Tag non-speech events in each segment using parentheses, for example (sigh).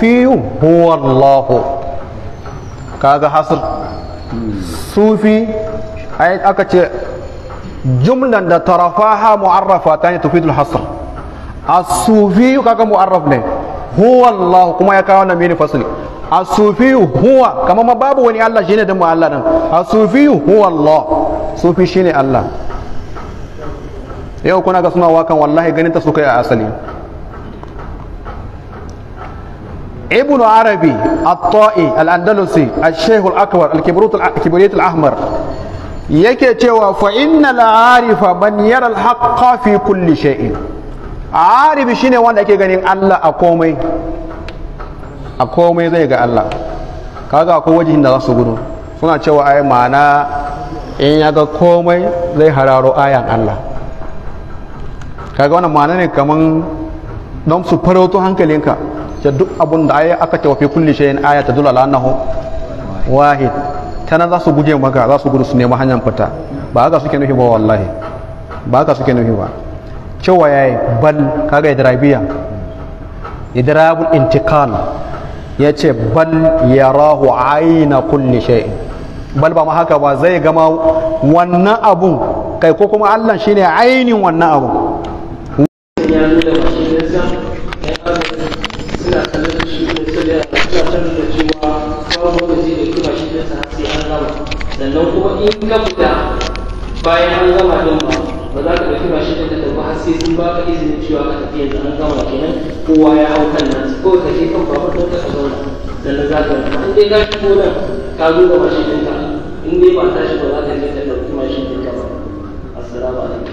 sufiyu huwa Allahu kaga hasr sufi ai aka ce jumlan da tarafaha mu'arrafa ta ne tufidul hasr as-sufi kaga mu'arraf ne huwa Allah kuma ya kawo na mini fasli as-sufi huwa kama ma babu wani Allah shine da mu Allah nan as-sufi huwa Allah sufi shine Allah yau kuna ga suna wakan wallahi ganin ta suka yi a asali ibnu arabi at-ta'i al-andalusi al-shaykh al-akbar al-kibriyat al-ahmar yake cewa fa innal arifa man yara al-haqqa fi kulli shay'in arifi shine wanda yake ganin Allah a komai a komai zai ga Allah kaga akwai wajihin da za su gudu suna cewa ai ma'ana in ya ga komai zai hararo ayan Allah kaga wannan ma'ana ne kaman don su farauto hankalinka ce duk abun da ayi aka tawafi kulli shay'in aya ta dulala annahu wahid tana za su guje maka za su gudu su nema hanyar fita ba haka suke nufi ba wallahi ba haka suke nufi ba cewa yayi bal kaga idrabiya idrabul intiqal ya ce bal yarahu aina kulli shay'in bal ba ma haka ba zai gama wannan abun kai ko kuma Allah shine ainin wannan abun sannan kuma in ka fita bayan an gama din ba ba za ka ɗauki mashin da ta tafi har sai sun baka izinin cewa ka tafi yanzu an gama kenan kowa ya hau kan nan ko ka je kan babur ɗinka ka zauna sannan za ka rufe in dai ka shigo nan ka zo da mashin ɗinka in dai ba tashi ba za ka je ka ɗauki mashin ɗinka ba assalamu alaikum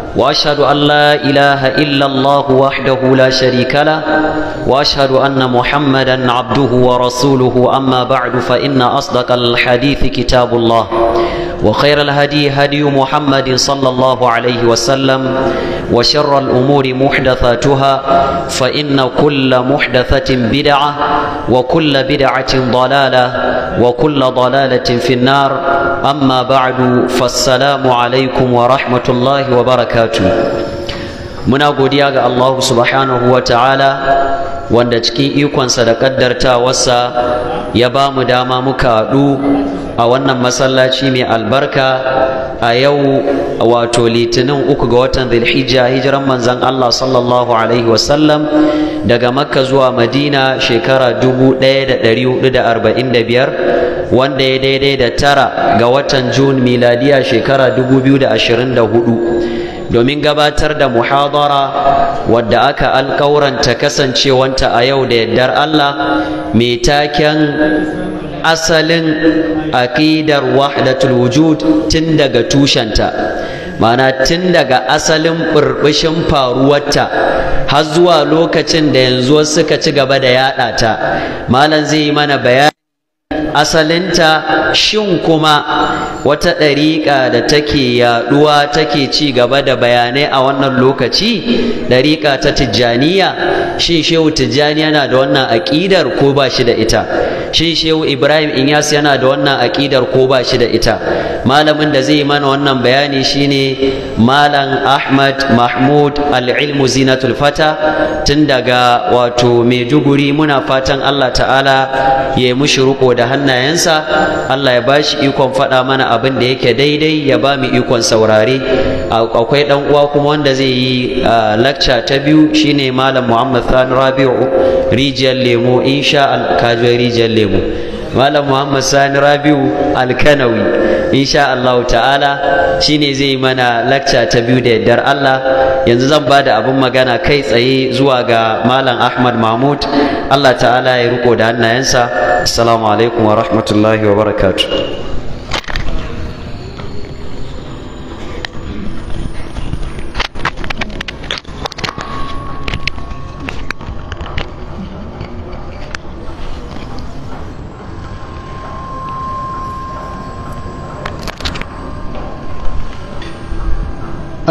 وأشهد أن لا إله إلا الله وحده لا شريك له وأشهد أن محمدا عبده ورسوله أما بعد فإن أصدق الحديث كتاب الله وخير الهدي هدي محمد صلى الله عليه وسلم وشر الأمور محدثاتها فإن كل محدثة بدعة وكل بدعة ضلالة وكل ضلالة في النار أما بعد فالسلام عليكم ورحمة الله وبركاته muna godiya ga Allah subhanahu wa ta'ala wanda cikin ikonsa da ƙaddartawarsa ya ba mu dama muka haɗu a wannan masallaci mai albarka a yau wato litinin uku ga watan zulhijja hijiran manzan Allah sallallahu alaihi wasallam daga makka zuwa madina shekara 1445 wanda ya daidai da tara ga watan jun miladiya shekara 2024 domin gabatar da muhadara wadda aka alkawuranta kasancewanta a yau da yardar Allah mai taken asalin aƙidar wahdatul wujud tun daga tushenta mana tun daga asalin burbushin faruwarta har zuwa lokacin da yanzu suka ci gaba da yaɗa ta malam zai yi mana bayani asalinta shin kuma wata ɗariƙa da take yaɗuwa take ci gaba da bayanai a wannan lokaci ɗariƙa ta tijjaniya shin shehu tijjani yana da wannan aƙidar ko ba shi da ita shin shehu ibrahim inyas yana da wannan aƙidar ko ba shi da ita malamin da zai mana wannan bayani shine malam ahmad mahmud al-ilmu zinatul fata tun daga wato maiduguri muna fatan allah ta'ala ya yi mushi riko da hannu hannayensa Allah ya bashi ikon faɗa mana abin da yake daidai ya ba mu ikon saurare akwai dan uwa kuma wanda zai yi lecture ta biyu shine malam Muhammad Sani Rabi'u rijiyar lemo insha Allah rijiyar lemo malam Muhammad Sani Rabi'u alkanawi insha Allah ta'ala shine zai mana lakca ta biyu da yardar Allah yanzu zan bada da abin magana kai tsaye zuwa ga malam Ahmad Mahmud Allah ta'ala ya riko da hannayensa assalamu alaikum wa rahmatullahi wa barakatuh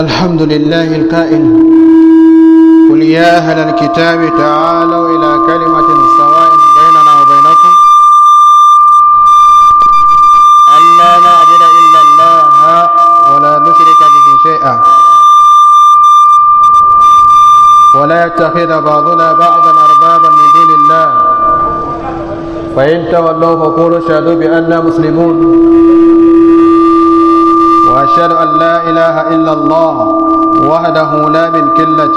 الحمد لله الكائن قل يا أهل الكتاب تعالوا إلى كلمة سواء بيننا وبينكم ألا نعبد إلا الله ولا نشرك به شيئا ولا يتخذ بعضنا بعضا أربابا من دون الله فإن تولوا فقولوا اشهدوا بأننا مسلمون وأشهد أن لا إله إلا الله وحده لا من كلة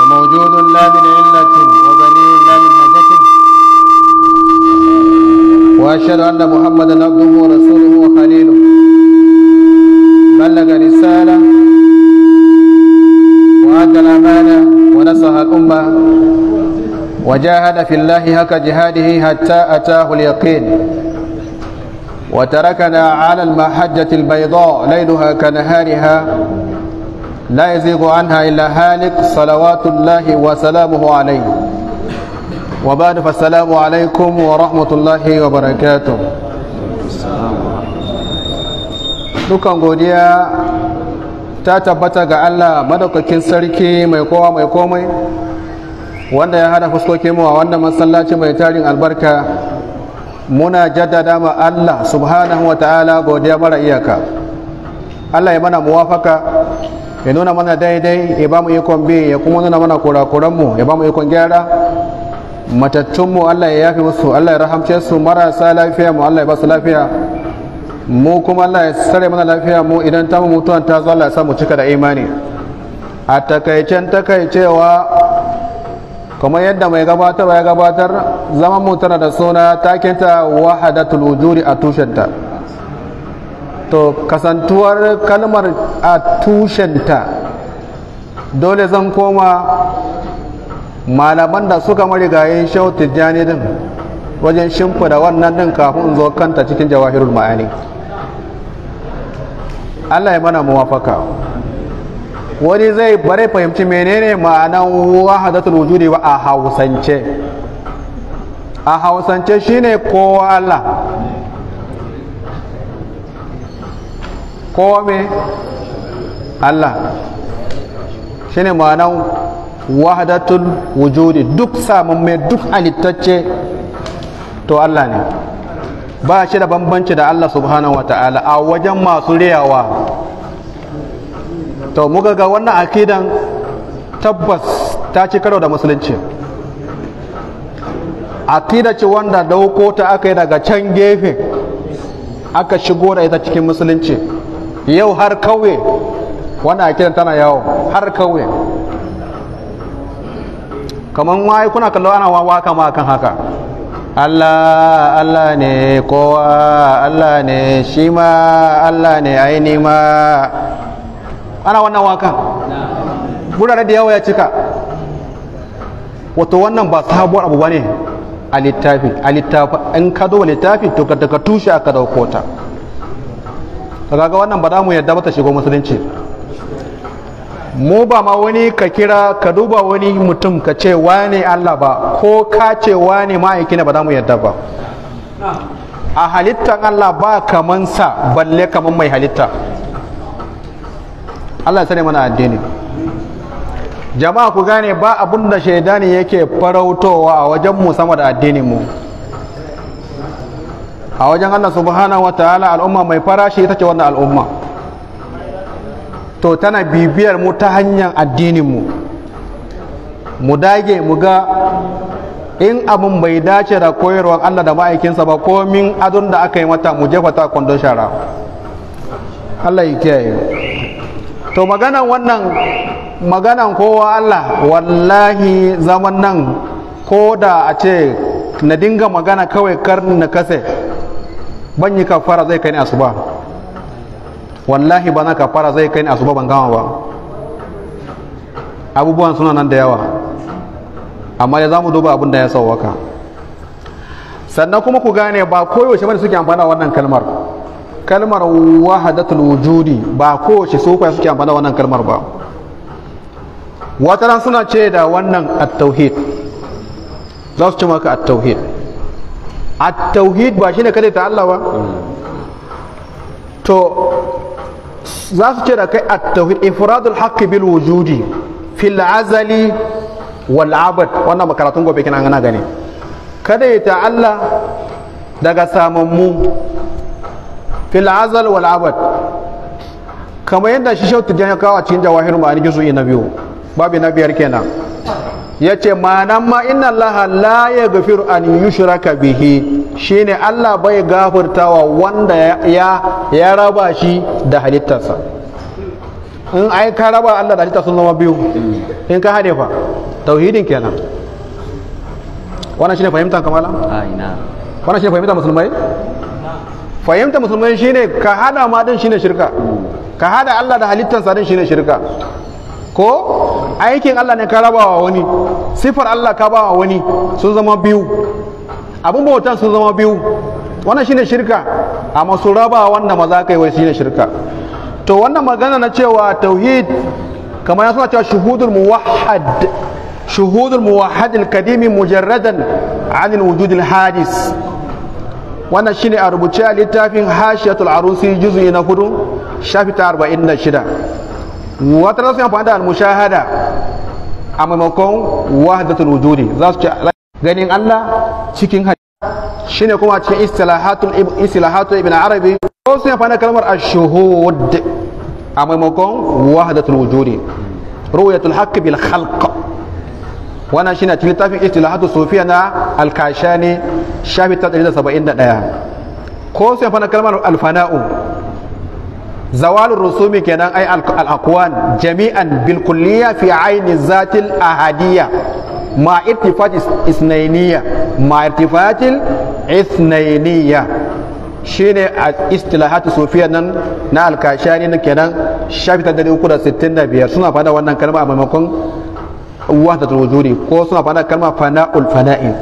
وموجود لا من علة وبني لا من هجة وأشهد أن محمدا عبده ورسوله وخليله بلغ رسالة وأدى الأمانة ونصح الأمة وجاهد في الله هك جهاده حتى أتاه اليقين وتركنا على المحجة البيضاء ليلها كنهارها لا يزيغ عنها إلا هالك صلوات الله وسلامه عليه وبعد فالسلام عليكم ورحمة الله وبركاته dukan godiya ta tabbata ga Allah madaukakin sarki mai kowa mai komai wanda ya hada fuskokin mu a wannan masallaci mai tarin albarka muna jaddada ma Allah subhanahu wa ta'ala godiya mara iyaka Allah ya mana muwafaka ya nuna mana daidai ya ba mu ikon bi ya kuma nuna mana mu ya ba mu ikon gyara matattunmu Allah ya yafi musu Allah ya rahamce su marasa lafiya mu Allah ya ba su lafiya mu kuma Allah ya sare mana lafiya mu idan ta mutuwan ta zo Allah ya sa mu cika da imani a takaicen takaicewa kamar yadda mai gabatar ya gabatar zaman mu tana da suna takinta wahadatul tulujuri a tushenta to kasantuwar kalmar a tushenta dole zan koma malaman da suka marigayen shau tijjani din wajen da wannan din kafin zo kanta cikin jawahirul ma'ani Allah ya mana muwafaka wani zai bare fahimci menene ma'anan wahadatul wujudi wa a hausance a hausance shine kowa Allah kowa me Allah shine ma'anan wahadatul wujudi duk samun mai duk halittacce to Allah ne ba shi da bambanci da Allah subhanahu wa ta'ala a wajen masu riyawa to muka ga wannan akidan tabbas ta ci karo da musulunci akida ce wanda dauko ta aka yi daga can gefe aka shigo da ita cikin musulunci yau har kauye wannan akidan tana yawo har kauye kamar waye kuna kallo ana wawa kama kan haka Allah Allah ne kowa Allah ne shi ma Allah ne aini ma ana wannan wakan wurare da yawa ya cika wato wannan ba sabuwar abu bane a littafi. a littafi in ka zo littafi to ka daga tushe aka dauko ta wannan ba za mu yarda ba ta shigo musulunci mu ba ma wani ka kira ka duba wani mutum ka ce wane Allah ba ko ka ce wane ma'aiki ba za mu yarda ba a halittar Allah ba kamansa balle kamar mai halitta Allah sani mana addini jama'a ku gane ba abun da shaidani yake farautowa a wajen mu sama da addinin mu a wajen Allah subhanahu wataala al'umma mai farashi ita ce wannan al'umma to tana bibiyar mu ta hanyar addinin mu mu dage mu ga in abun bai dace da koyarwar Allah da ma'aikinsa ba komin adon da aka yi mata mu jefa ta kwandon shara Allah ya kiyaye to maganan wannan maganan kowa Allah wallahi zaman nan ko da a ce na dinga magana kawai karni na kase ban yi kafara zai kai ni asuba wallahi ba na kafara zai kai ni asuba ban gama ba abubuwan suna nan da yawa amma ya za mu duba abin da ya sauwaka sannan kuma ku gane ba koyaushe bane suke amfana wannan kalmar kalmar wahadatul wujudi ba kowace sufa suke amfani da wannan kalmar ba wataran suna ce da wannan at-tauhid za su ce maka at-tauhid at-tauhid ba shine kada ta Allah ba to za su ce da kai at-tauhid ifradul haqq bil wujudi fil azali wal abad wannan makaratun gobe kina an gane kada ya ta'alla daga samammu fil azal wal abad kamar yadda shi shautu jan kawo a cikin jawahir ma'ani juzu'i na biyu babu na biyar kenan ya ce ma'anan ma inna Allah la ya gafir an yushraka bihi shine Allah bai gafurtawa wanda ya raba shi da halittarsa in ai ka raba Allah da halittarsa sun zama biyu in ka hade fa tauhidin kenan wannan shine fahimta kamala wannan shine fahimta musulmai fahimta musulmai shine ka hada ma din shine shirka ka hada Allah da halittansa din shine shirka ko aikin Allah ne ka rabawa wani sifar Allah ka bawa wani sun zama biyu abin bautan sun zama biyu wannan shine shirka amma su raba wanda maza kai wai shine shirka to wannan magana na cewa tauhid kamar yana suna cewa shuhudul muwahhad shuhudul muwahhad al mujarradan 'an al hadis wannan shine a rubuce a littafin hashiyatul arusi juz'i na hudu shafi ta arba'in da shida wata rasu amfani da al-mushahada. a maimakon wahdatul wujudi za su ce ganin Allah cikin hadisi shine kuma cikin istilahatul istilahatul ibn arabi ko sun amfani da kalmar ash-shuhud a maimakon wahdatul wujudi ru'yatul haqq bil khalq wannan shine cikin littafin istilahatu sufiya na alkashani shafi ta da da saba'in ɗaya. ko sai fana kalmar alfana'u zawalur rusumi kenan ai al'akuwan jami'an bil fi aini zatil ahadiyya ma irtifat isnainiyya ma irtifatil isnainiyya shine a istilahatu sufiya nan na alkashani kenan shafi ta da da biyar suna fada wannan kalmar a maimakon wahdatul wujudi ko suna faɗa kalma fana'ul fana'i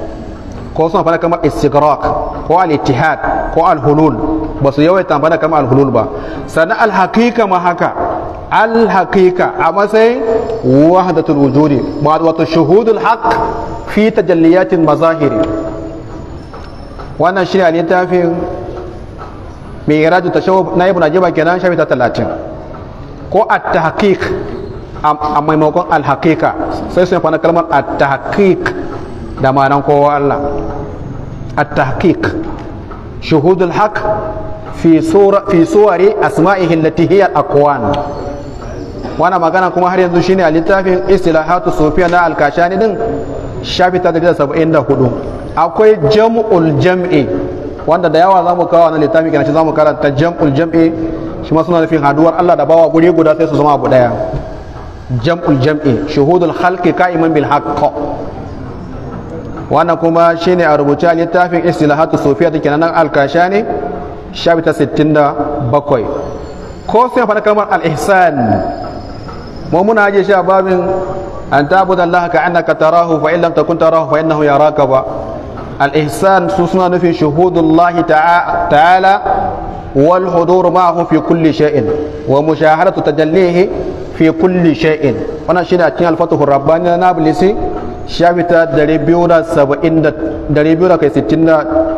ko suna faɗa kalma istighraq ko al-ittihad ko al-hulul ba su yawaita faɗa kalma al-hulul ba sannan al-haqiqa ma haka al-haqiqa a matsayin wahdatul wujudi wato shuhudul haqq fi tajalliyatin mazahiri wannan shi ne littafin mai irajin tashawuf na ibn ajiba kenan shafi ta talatin ko at-tahqiq a maimakon alhaƙiƙa sai su fana kalmar at da ma'anan kowa Allah at shahudul haq fi sura a suwari asma'ihi allati hiya aqwan magana kuma har yanzu shine a littafin istilahatu sufiya na alkashani din shafi 374 akwai jam'ul jam'i wanda da yawa zamu kawo na littafin kana zamu karanta jam'ul jam'i shi ma suna nufin haduwar Allah da bawa guri guda sai su zama abu daya جمع الجمع شهود الخلق قائما بالحق وانا كما شيني اربوتا لتافين اصلاحات الصوفية كنان نعم الكاشاني شابتا ستين بكوي كوسي فانا كلمة الاحسان مومونا جي شباب ان تعبد الله كأنك تراه فإن لم تكن تراه فإنه يراك با. الاحسان سوسنا في شهود الله تعالى والحضور معه في كل شيء ومشاهدة تجليه fi kulli sha'in wannan shine a cikin alfatuhu rabbani na nablisi sittin da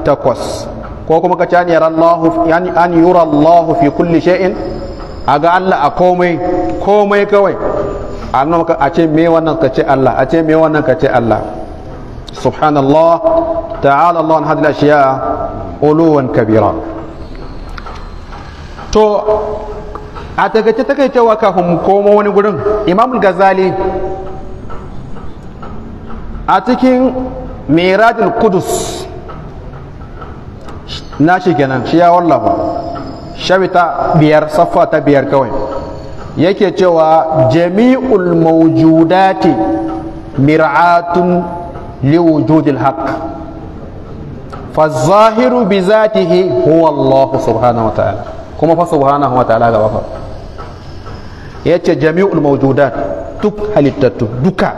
takwas ko kuma ka cani yara Allah yani an yura Allah fi kulli sha'in a ga Allah a komai komai kawai a maka a ce me wannan ka ce Allah a ce me wannan ka ce Allah subhanallah ta'ala Allah an hadla shiya uluwan kabira to a takaice takaitawa kafin mu komo wani gurin imamul gazali a cikin miradul kudus na shi kenan shi ya wallafa ta biyar saffa ta biyar kawai yake cewa jami'ul mawjudati mir'atun liwujudil haqq zatihi huwa Allah subhanahu wa ta'ala kuma fa subhanahu wa ta'ala gaba fa yace jami'ul mawjudat duk halittattu duka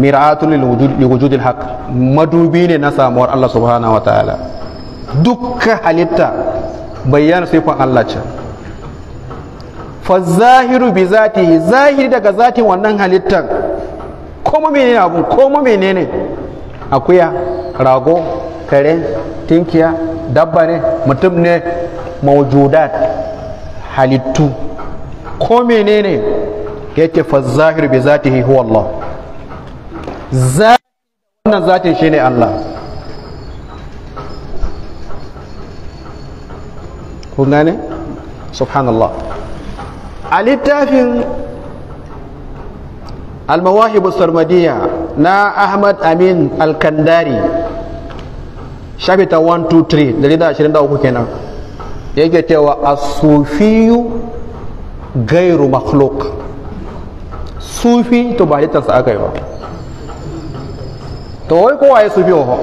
mir'atun lil wujudil madubi ne na samuwar Allah subhanahu wa ta'ala dukkan halitta bayyana sifan Allah ce fa zahiru bi zatihi zahiri daga zatin wannan halittan koma menene abun koma menene akuya rago kare tinkiya dabba ne mutum ne mawjudat halittu ko menene yake fa zahir bi zatihi huwa Allah zahir wannan zatin shine Allah kun gane subhanallah a littafin almawahibu sarmadiya na ahmad amin alkandari shafita 123 kenan yake cewa a sufiyu gairu makhluk sufi to ba sa aka yi ba to wai kowa ya sufi wa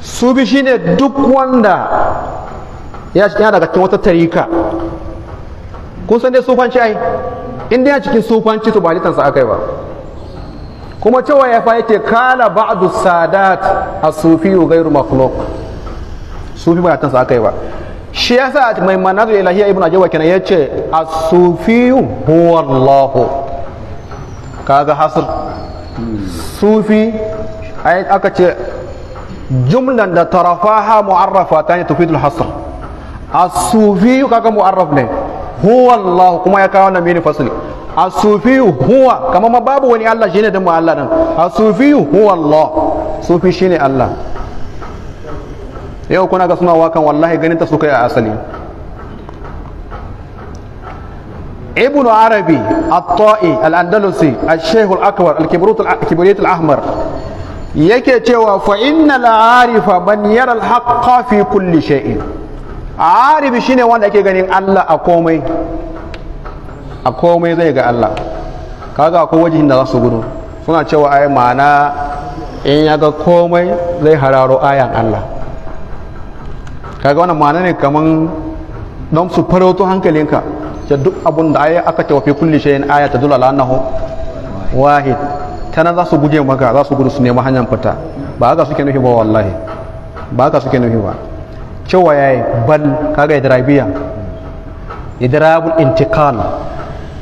sufi shine duk wanda ya daga cikin wata tarika kun san dai sufanci ai in dai cikin sufanci to ba sa aka yi ba kuma cewa ya fa yake kala ba'du sadat a sufi gairu makhluk sufi ba sa aka yi ba shi yasa mai manazir ilahiya ibn ajawa kenan yace a sufiyu huwa Allah kaga hasar. sufi ai aka ce jumlan da tarafaha mu'arrafatan tufidul hasr A sufi kaga mu'arraf ne huwa Allah kuma ya kawo na mini fasli A sufi huwa kamar ma babu wani Allah shine da mu Allah nan A sufi huwa Allah sufi shine Allah yau kuna ga suna wakan wallahi ganin ta suka yi a asali ibn arabi al tai al-andalusi al-shaykh al-akbar al-kibriyat al-ahmar yake cewa fa innal arifa man yara al-haqqa fi kulli shay'in arifi shine wanda ake ganin Allah a komai a komai zai ga Allah kaga akwai wajihin da za su gudu suna cewa ai ma'ana in ya ga komai zai hararo ayan Allah kaga wannan ma'ana ne kaman don su farauto hankalinka da duk abun da aya aka tawafi kulli shayin aya ta dula lanahu wahid tana za su guje maka za su gudu su nemi hanyar fita ba haka suke nufi ba wallahi ba haka suke nufi ba cewa yayi bal kaga idrabiya idrabul intiqal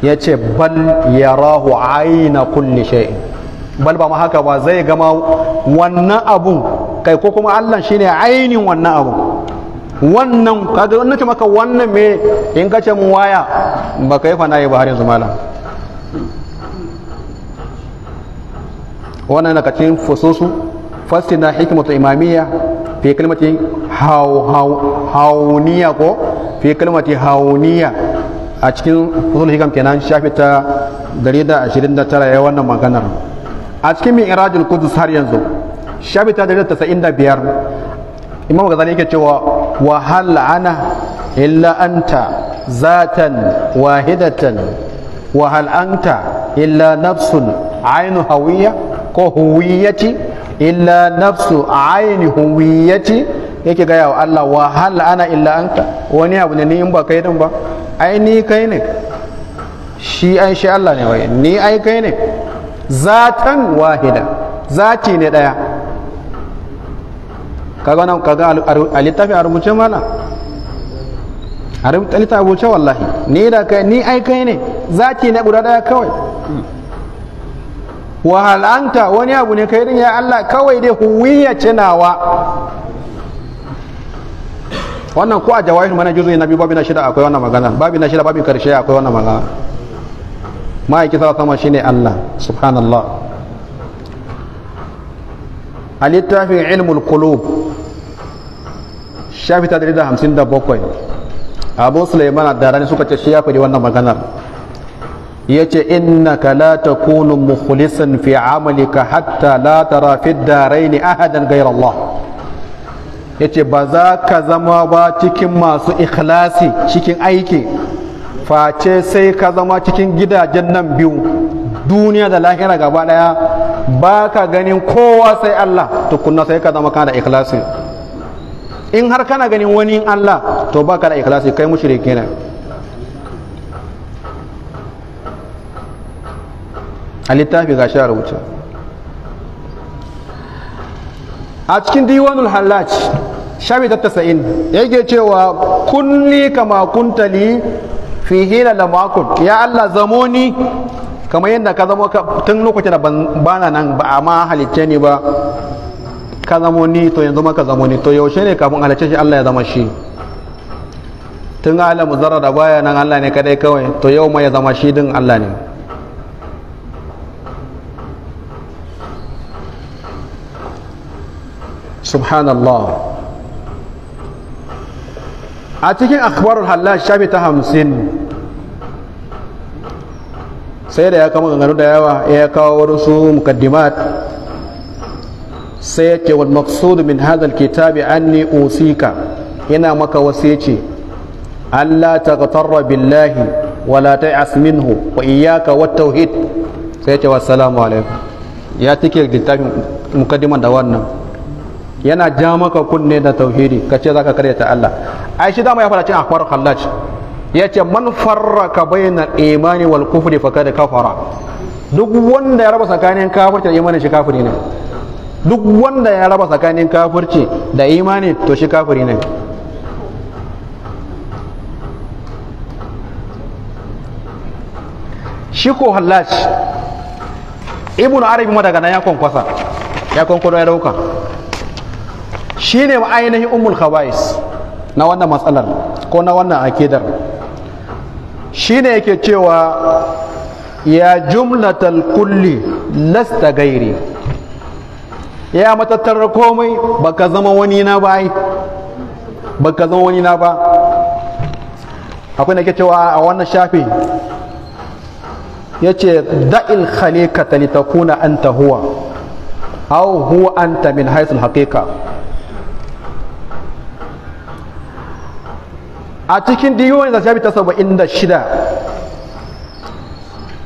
ya ce bal yarahu aina kulli shay'in bal ba ma haka ba zai gama wannan abun kai ko kuma Allah shine ainin wannan abun wannan kaga wannan ce maka wannan me in ka ce mun waya baka yi fana yi ba har yanzu malam wannan na kacin fususu fasina hikmatu imamiyya fi kalmati hauniya ko fi kalmati hauniya a cikin fusul hikam kenan shafi ta 129 ya wannan maganar a cikin mi irajul kudus har yanzu shafi ta 95 imam gazali yake cewa وهل عنا إلا illa anta zatan wahidatan أنت إلا نفس illa nafsun ainu hawiya ko عين illa nafsu yake gaya wa Allah wa hal ana illa anta wani abu ne ni in ba kai din ba ai ni kai ne shi ai shi Allah ne wai ni ai kai ne zatan wahida zati ne daya kaga wannan kaga a littafi a rubuce mana a littafi a rubuce wallahi ni da kai ni ai kai ne zati na guda daya kawai wahalanta wani abu ne kai ya Allah kawai dai huwiya cinawa wannan ko a jawahir mana juzu na biyu na shida akwai wannan magana babu na shida babu karshe akwai wannan magana ma'aiki sa sama shine Allah subhanallah a littafin ilmul qulub shafi ta da hamsin da bakwai abu suleiman da rani suka ce shi ya faɗi wannan maganar ya ce innaka la takunu mukhlisan fi amalika hatta la tara fi daraini ahadan ghayra Allah ya ce ba za ka zama ba cikin masu ikhlasi cikin aiki face sai ka zama cikin gidajen nan biyu duniya da lahira gaba daya ba ka ganin kowa sai Allah tukunna sai ka zama kana da ikhlasi in har kana ganin wani Allah to baka da ikhlasi kai mushriki ne a littafi ga shi a rubuta a cikin diwanul hallaj shabi ta tasa'in yake cewa kunni kama kuntali fi hila lamakun ya Allah zamo ni kamar yadda ka zama tun lokacin da bana nan ba a ma halicce ni ba ka zamo to yanzu maka zamo ni to yaushe ne kafin halicce shi Allah ya zama shi tun alamu zarar da baya nan Allah ne kadai kawai to yau mai ya zama shi din Allah ne subhanallah a cikin akhbarul halal shafi ta 50 sai da ya kama ganganu da yawa ya kawo wasu mukaddimat sai ya ce wal maqsud min kitabi alkitabi anni usika yana maka ce. Allah Ta taqtarra billahi wala ta ta'as wa iyaka wa tauhid sai ya ce wa salamu alaikum ya take littafin mukaddiman da wannan yana ja maka kunne da tauhidi kace zaka karyata Allah ai shi dama ya fara cin akwar khallaj ya ce man farraka bayna imani wal kufri faqad kafara duk wanda ya raba tsakanin kafirci da imani shi kafiri ne duk wanda ya raba tsakanin kafirci da imani to shi kafiri ne shi ko ibu ibn arabi ma daga nan ya kwankwasa ya kwankwado ya dauka shi ne ainihin umul khawais na wannan matsalar ko na wannan akidar shi ne yake cewa ya jumlatal kulli lasta gairi ya matattara komai baka zama wani na ba ba ka zama wani na ba akwai da ke cewa a wannan shafi ya ce da'il khalikata an anta huwa aw huwa anta min haisul haqiqa a cikin diyoyin da shafi ta saba'in da shida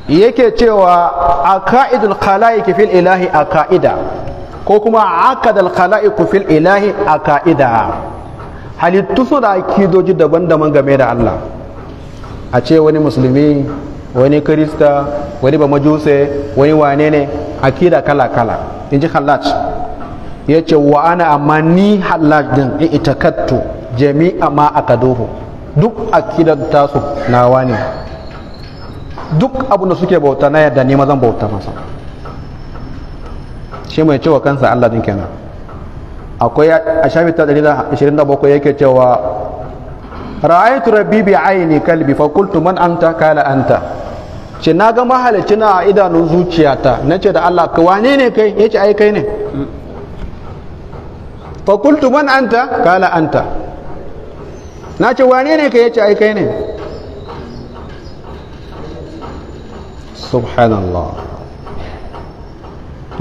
yake cewa a ka'idul khala'iki fil ilahi a ka'ida ko kuma aqadal ku fil ilahi ka'ida. halittu su da kidoji daban-daban game da Allah a ce wani musulmi wani kirista wani majuse wani wane ne akida kala-kala in ji halaj ya ce wa ana amma ni halaj din in kattu jami'a ma aka doho duk akidar tasu na ne duk abu da suke bauta na yadda ma zan bauta masa shi mai cewa kansa Allah din kenan akwai a shafi ta 127 yake cewa ra'aytu rabbi bi aini kalbi fa qultu man anta kala anta ce na ga mahalicci na a idanun zuciyata na ce da Allah ka wane ne kai yace ai kai ne fa qultu man anta kala anta na ce wane ne kai yace ai kai ne subhanallah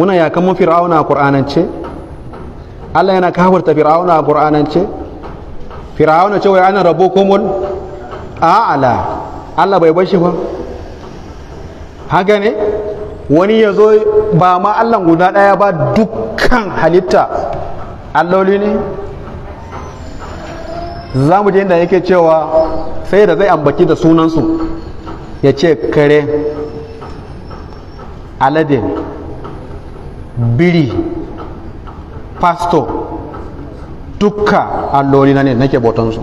muna kan mun fir'auna a qur'anance Allah yana kawarta fir'auna a qur'anance fir'auna ce wai ana rabbukumul a'la Allah bai bashi ba haka ne wani ya zo ba ma Allah guda ɗaya ba dukkan halitta alloli ne za mu je inda yake cewa sai da zai ambaki da sunansu ya ce kare alade biri pastor dukka alloli na ne nake botonsu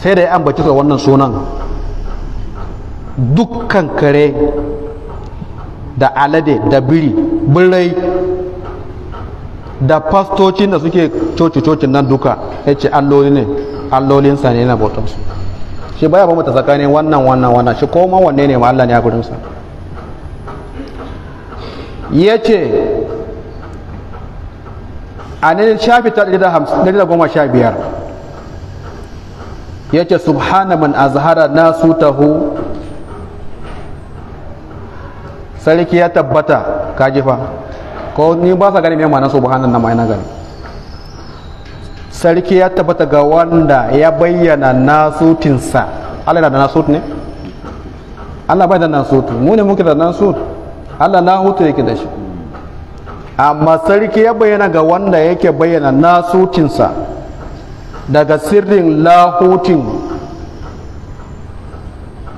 sai da ya ambaci ga wannan sunan dukkan kare da alade da biri birai da fastocin da suke coci-cocin nan duka ya ce alloli ne allolinsa ne na botonsu shi baya ba ta tsakanin wannan wannan wannan shi koma wanne ne ma Allah ne a gurinsa ya ce a ne shafi ta biyar ya ce subhana man azhara nasu tahu sarki ya tabbata fa ko ni ba sa gani mai ma'anar subhanan na ma'ana gani sarki ya tabbata ga wanda ya bayyana nasutinsa Allah da nasut ne Allah bai da nasut mu ne muke da nasut Allah na hutu yake da shi amma sarki ya bayyana ga wanda yake bayyana nasutinsa daga sirrin lahutin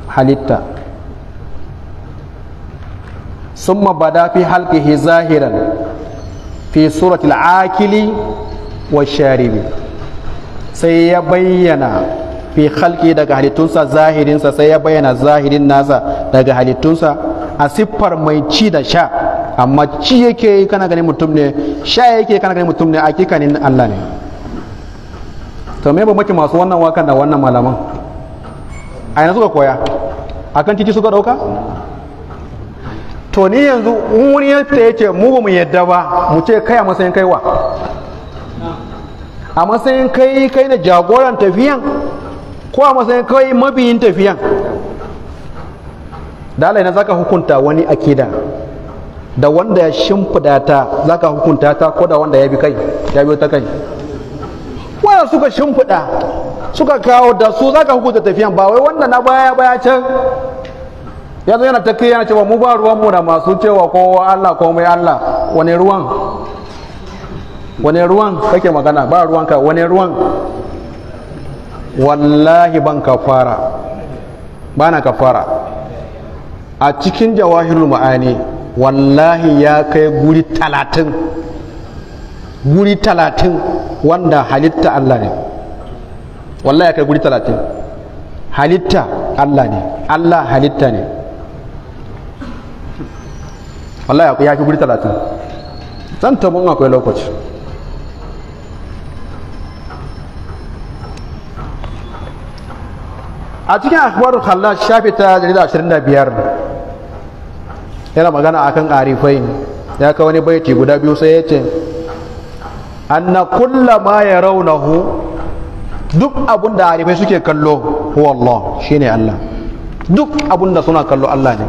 halitta sun bada fi halkihi zahiran fi suratul akili wa sharibi sai ya bayyana fi halki daga halittunsa zahirinsa sai ya bayyana zahirin nasa daga halittunsa a siffar mai ci da sha amma ci yake yi kana ganin mutum ne sha yake kana ganin mutum ne a kikanin Allah ne to me bambanci masu wannan wakan da wannan malaman a yanzu suka koya akan titi suka dauka to ni yanzu wani yadda ya ce mu ba mu yadda ba mu ce kai a matsayin kaiwa a matsayin kai kai na jagoran tafiyan ko a matsayin kai mabiyin tafiyan dalai na zaka hukunta wani akida da wanda ya shimfida ta zaka hukunta ta ko da wanda ya bi kai ya bi ta kai wanda suka shimfida suka kawo da su zaka hukunta tafiyan ba wai wanda na baya baya can ya zo yana ta kai yana cewa mu ba ruwan mu da masu cewa ko Allah ko mai Allah wani ruwan wani ruwan kake magana ba ruwan ka wani ruwan wallahi ban kafara bana kafara a cikin jawahirul ma'ani wallahi ya kai guri talatin guri talatin wanda halitta Allah ne wallahi ya kai guri talatin halitta Allah ne Allah halitta ne wallahi ya kai guri talatin zan tabon akwai lokaci a cikin akhbarul khallal shafi ta jarida 25 yana magana akan arifai ya kawo wani baiti guda biyu sai ya ce anna kulla ma ya raunahu duk abun da arifai suke kallo huwa Allah shine Allah duk abun da suna kallo Allah ne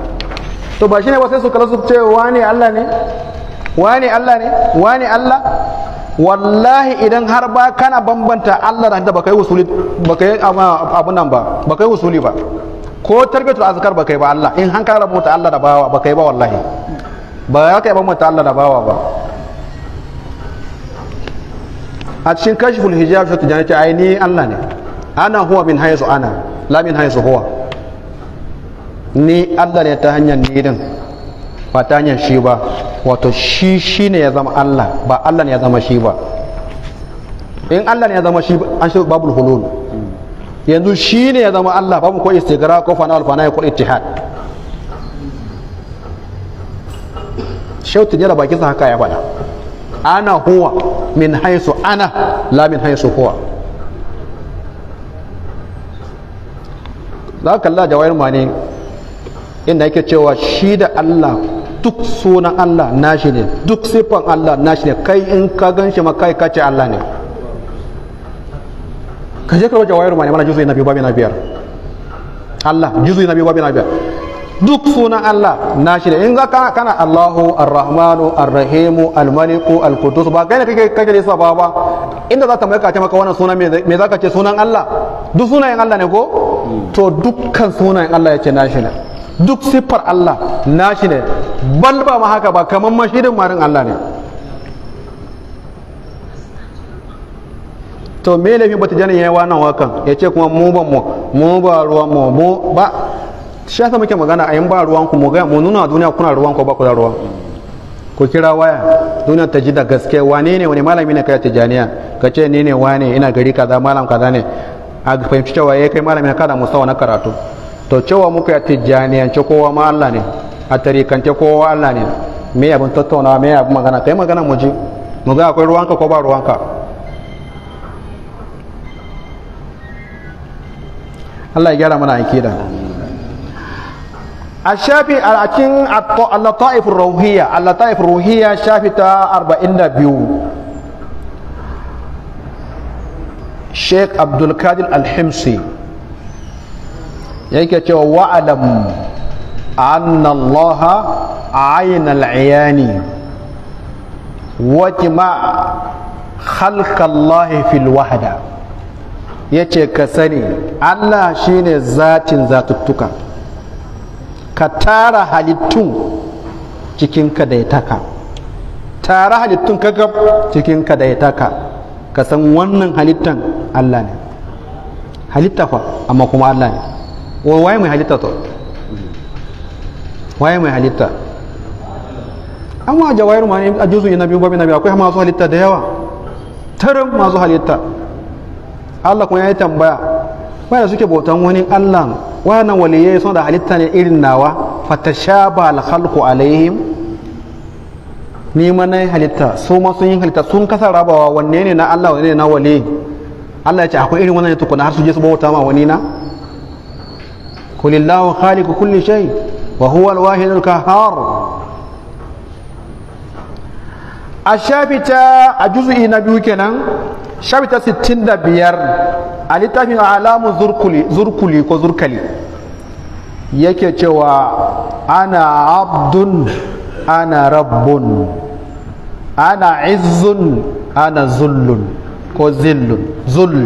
to ba shine ba sai su kallo su ce wani Allah ne Wani Allah ne ne Allah wallahi idan har ba kana bambanta Allah da baka yi usuli baka yi ah, abun nan ba baka yi usuli ba ko tarbiyatul azkar baka yi ba Allah in hankala ta Allah da bawa baka yi ba wallahi ba ka yi bambanta Allah da bawa ba a cikin kashful hijab shi tujani ce ai ni Allah ne ana huwa min haisu ana la min haisu huwa ni Allah ne ta hanyar ni din ba ta hanyar shi ba wato shi shi ne ya zama Allah ba Allah ne ya zama shi ba in Allah ne ya zama shi an shi babu hulun yanzu shi ne ya zama Allah babu ko istigra ko fana alfana ko ittihad shautin yana bakin sa haka ya faɗa ana huwa min haisu ana la min haisu huwa za ka kalla jawayar ma ne inda yake cewa shi da Allah duk sunan Allah nashi ne duk siffan Allah nashi ne kai in ka gan shi ma kai kace Allah ne ka je ka wajen wayar ne. mana juzu na biyu babi na biyar Allah juzu na biyu babi na biyar duk sunan Allah nashi ne in ga kana Allahu Ar-Rahmanu Ar-Rahimu Al-Maliku Al-Qudus ba kai ne kake kake lissa ba ba inda za ta mai kace maka wannan sunan me za ka ce sunan Allah duk sunayen Allah ne ko hmm. to dukkan sunayen Allah ya ce nashi ne duk siffar Allah nashi ne ban ba ma haka ba kamar mashidin marin Allah ne to me laifin bata jana yayi wannan wakan ya ce kuma mu ba mu mu ba ruwan mu mu ba shi yasa muke magana a yin ba ruwan ku mu ga mu nuna duniya kuna ruwan ku ba ku da ruwan ku kira waya duniya ta ji da gaske wane ne wani malami ne kai tijaniya ka ce ni ne wane ina gari kaza malam kaza ne a fahimci cewa ya eh, kai malami na kada musawa na karatu to cewa muka tijjaniyance kowa ma Allah ne a tarikance kowa Allah ne me abin tattaunawa me abin magana kai magana mu ji mu ga akwai ruwanka ko ba ruwanka Allah ya gyara mana akida الشافي لكن اللطائف الروحية اللطائف الروحية شافي تا أربعين بيو شيخ عبد القادر الحمصي yake cewa wa'alam anna Allah aynal ayani ma khalqa Allah fil ya yace ka sani Allah shine zatin zatuttuka ka tara halittun cikin kadaitaka tara halittun kagab cikin kadaitaka ka san wannan halittan Allah ne halitta fa amma kuma Allah ne waye mai halitta to waye mai halitta amma jawahir ma a juzu na biyu babu na biyu akwai masu halitta da yawa tarin masu halitta Allah kuma ya yi tambaya wanda suke bautan wani Allah wannan waliyai suna da halitta ne irin nawa fatashaba al-khalqu alaihim ni ma nayi halitta su ma sun yi halitta sun kasa rabawa wanne ne na Allah wanne ne na wali Allah ya ce akwai irin wannan tukuna har su je su bauta ma wani na قل الله خالق كل شيء وهو الواحد a الشافي تا الجزء نبي كنا شافي تا 65 a littafin alamun zurkuli ko zurkali yake cewa ana abdun ana rabbun ana izzun ana zullun ko zillun zull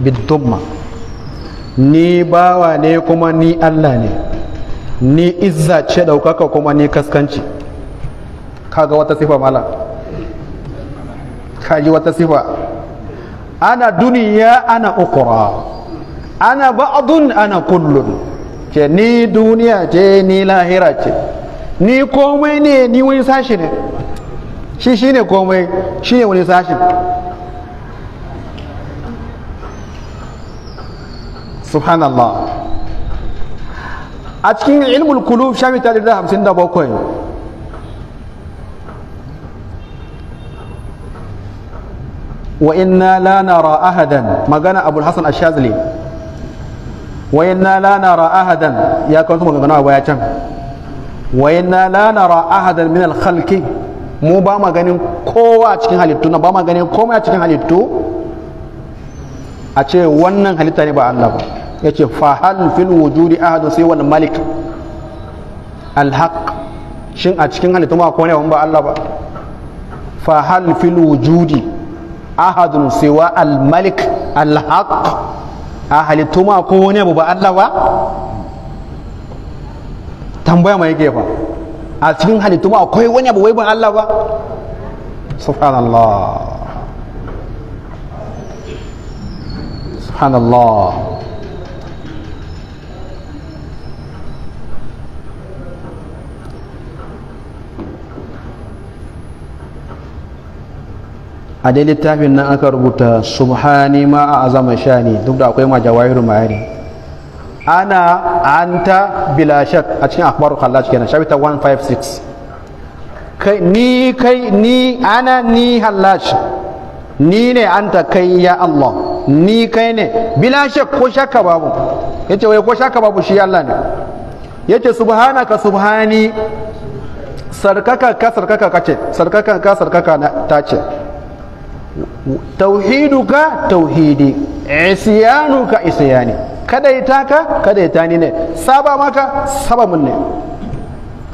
bidumma ni bawa ne kuma ni Allah ne ni izza ce ɗaukaka kuma ni kaskanci kaga wata sifa mala kaji wata sifa ana duniya ana ukura ana ba'dun ana kullun ke ni duniya ce ni lahira ce ni komai ne ni wani sashi ne shi shine komai shi ne wani sashin subhanallah a cikin ilmul kulub shami ta da hamsin da bakwai wa inna la nara ahadan magana abul hasan ashazli wa inna la nara ahadan ya kawo magana a baya can wa inna la nara ahadan min al khalqi mu ba ma ganin kowa a cikin halittu na ba ma ganin komai a cikin halittu a ce wannan halitta ne ba Allah ba yace fa hal fil wujudi ahadun sai wal malik al shin a cikin halittu ma ko ne ba Allah ba fa hal fil wujudi ahadun siwa al malik al haqq a halittu ma ko ne ba Allah ba tambaya mai yake ba a cikin halittu ma akwai wani abu wai ban Allah ba subhanallah subhanallah a dai littafin nan aka rubuta subhani ma a azama shani duk da akwai ma jawahirul ma'ani ana anta bila shak a cikin akhbarul khallaj kenan shafita 156 kai ni kai ni ana ni hallaj ni ne anta kai ya Allah ni kai ne bila shak ko shakka babu yace wai ko shakka babu shi Allah ne yace subhanaka subhani sarkaka ka sarkaka kace sarkaka ka sarkaka ta ce tauhiduka tauhidi isyanuka isyani kadaita ka kadaita ni ne saba maka sababun ne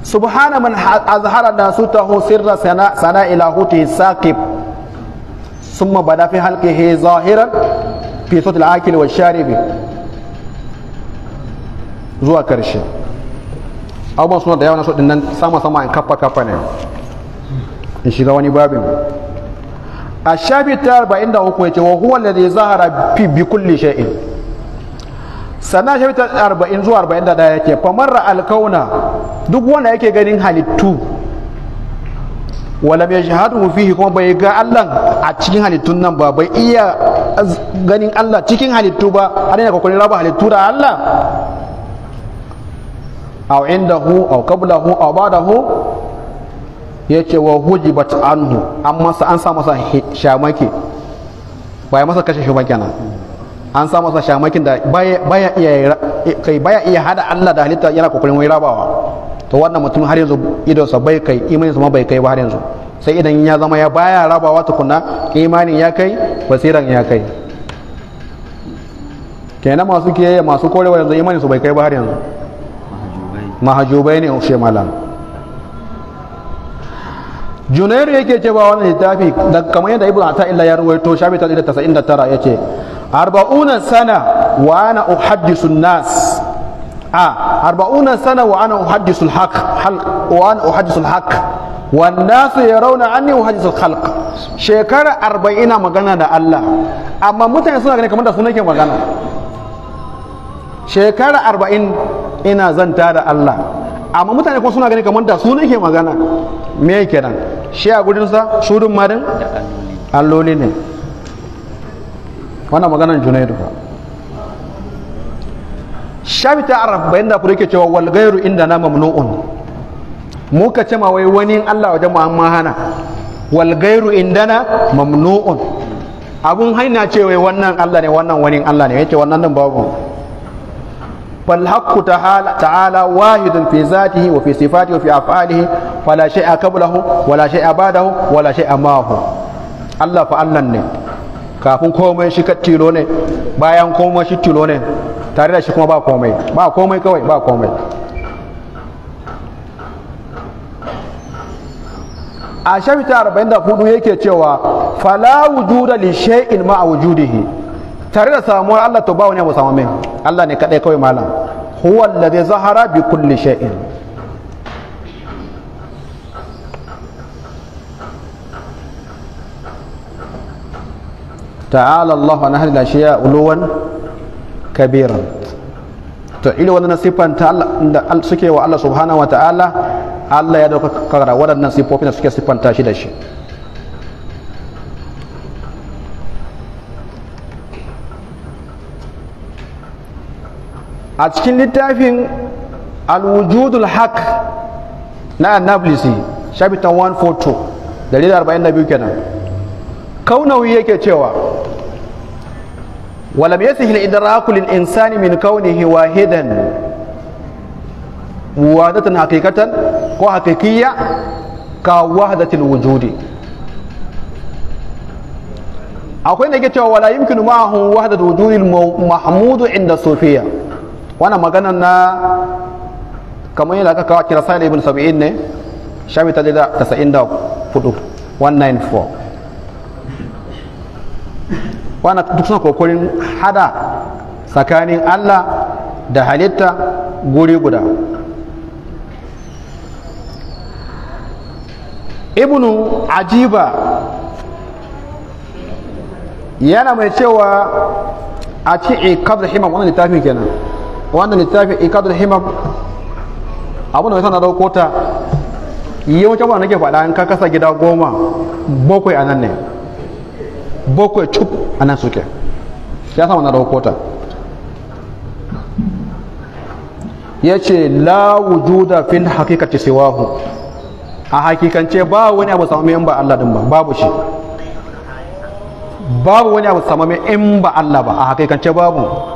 subhana man azhara nasutahu sirra sana sana ila huti saqib ثم بدا zahiran fi sut al-akil العاكل sharib zuwa karshe abubuwan suna da yawa na so nan sama sama in kafa kafa ne in shiga wani babin a shafi ta arba'in da uku yace wa huwa alladhi zahara fi bi kulli shay'in sannan shafi ta arba'in zuwa arba'in da ɗaya yake famarra alkauna duk wanda yake ganin halittu Wala walam yashhadu fihi kuma bai ga allan a cikin halittun nan ba bai iya ganin Allah cikin halittu ba har daina kokarin raba halittu da Allah aw indahu aw qablahu aw hu. yace wa hujibat anhu an masa an sa masa shamaki baya masa kashe shi kenan an sa masa shamakin da baya iya kai baya iya hada Allah da halitta yana kokarin wai rabawa to wannan mutum har yanzu idonsa bai kai imanin ma bai kai ba har yanzu sai idan ya zama ya baya rabawa tukuna imanin ya kai basiran ya kai kenan masu kiyaye masu korewa yanzu imaninsu bai kai ba har yanzu mahajubai ne ushe malam junairu yake cewa wannan littafi da kamar yadda ibnu ata illa ya ruwaito shafi ta 99 yace arba'una sana wa ana uhaddisu nas a arba'una sana wa ana uhaddisu al-haq wa ana uhaddisu al-haq wan nas yarawna anni uhaddisu al shekara arba'in ina magana da Allah amma mutane suna ganin kamar da suna yake magana shekara arba'in ina zanta da Allah amma mutane kuma suna gani kamar da su ne ke magana me kenan shi a gudunsa shudun marin alloli ne wannan maganan junaidu duka shafi ta arab bayan da fure ke cewa wal gairu inda na mamnu'un muka ce ma wai wani Allah wajen mu an hana wal gairu na mamnu'un abun haina ce wai wannan Allah ne wannan wani Allah ne yace wannan nan babu فالحق تعالى, تعالى واحد في ذاته وفي صفاته وفي أفعاله فلا شيء قبله ولا شيء بعده ولا شيء معه الله ne kafin komai shi ka tilo ne bayan komai shi tilo ne tare da shi kuma ba komai ba komai kawai ba komai a shafi ta 44 yake cewa fala wujuda li shay'in ma'a wujudihi tare da samuwar Allah to ba wani abu samu min Allah ne kadai kawai malam huwa alladhi zahara bi kulli shay'in ta'ala Allah wa nahdi la shay'a uluwan kabiran to ilo wannan sifan ta Allah da suke wa Allah subhanahu wa ta'ala Allah ya dauka kara waɗannan sifofin da suke sifanta shi da shi a cikin littafin alwujudul haq na annablisi shabitan 142 142 kenan kaunawi yake cewa walam yasihil idraku lil insani min kaunihi wahidan muwadatan hakikatan ko hakikiyya ka wahdatil wujudi akwai da ke cewa wala yumkinu ma'ahu wahdatul wujudi mahmudu inda sufiya wannan maganan na kamar yadda aka kawo kira sa'ad ibn sabi'in ne shafi talida tasa'in da hudu 194 wannan duk suna kokarin hada tsakanin allah da halitta guri guda ibnu ajiba yana mai cewa a ci'i kabda himam wani littafin kenan wannan littafin ikadul e himam abin da tana dauko ta yawancin ba nake faɗa an kakasa gida goma bakwai a nan ne bakwai cuk a nan suke ya sama na da ta ya ce la wujuda fil hakikati siwahu a hakikance ba wani abu samame in ba Allah din ba babu shi babu wani abu samame in ba Allah ba a hakikance babu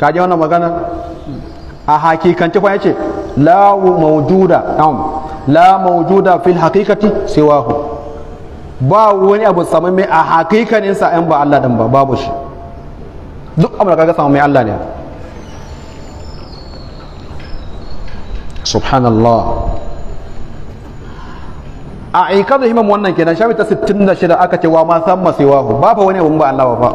ka ji wannan magana a hakikanci fa ce la mawjuda am la mawjuda fil haqiqati siwahu ba wani abu mai a hakikanin sa in ba Allah din ba babu shi duk abu da kaga mai Allah ne subhanallah a aikar da himan wannan kenan shafi ta 66 aka ce wa ma san masiwahu ba fa wani abu ba Allah ba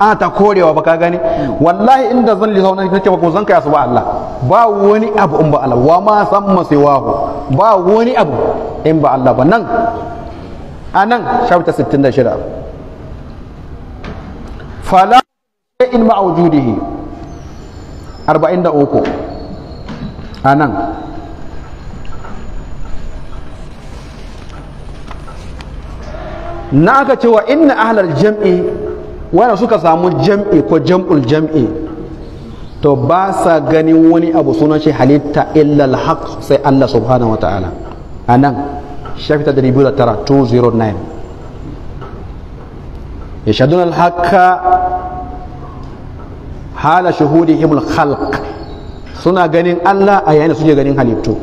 a ta korewa ba ka gane wallahi inda zan lisa wannan nake ko zan kai su ba Allah ba wani abu in ba Allah wa ma san masiwahu ba wani abu in ba Allah ba nan a nan shafta 66 fala in ma wujudihi 43 a nan na aka cewa inna ahlal jam'i wanda suka samu jam'i ko jam'ul jam'i to ba sa ganin wani abu sunan shi halitta illal haq sai Allah subhanahu wataala a nan shafi ta 209 209 ya shaɗu alhaka hala shuhudi himul khalq suna ganin Allah a yayin da suke ganin halittu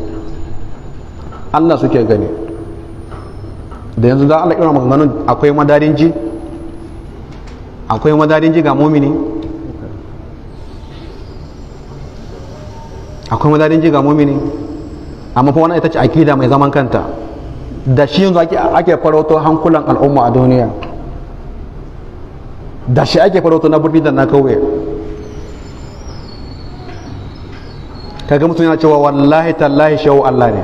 Allah suke gani da yanzu da Allah irin maganganun akwai madarin ji akwai madadin ji ga mumini akwai madadin ji ga mumini amma fa wannan ita ce akida mai zaman kanta da shi yanzu ake farauto hankulan al'umma a duniya da shi ake farauto na birni da na kauye kaga mutum yana cewa wallahi tallahi shawo Allah ne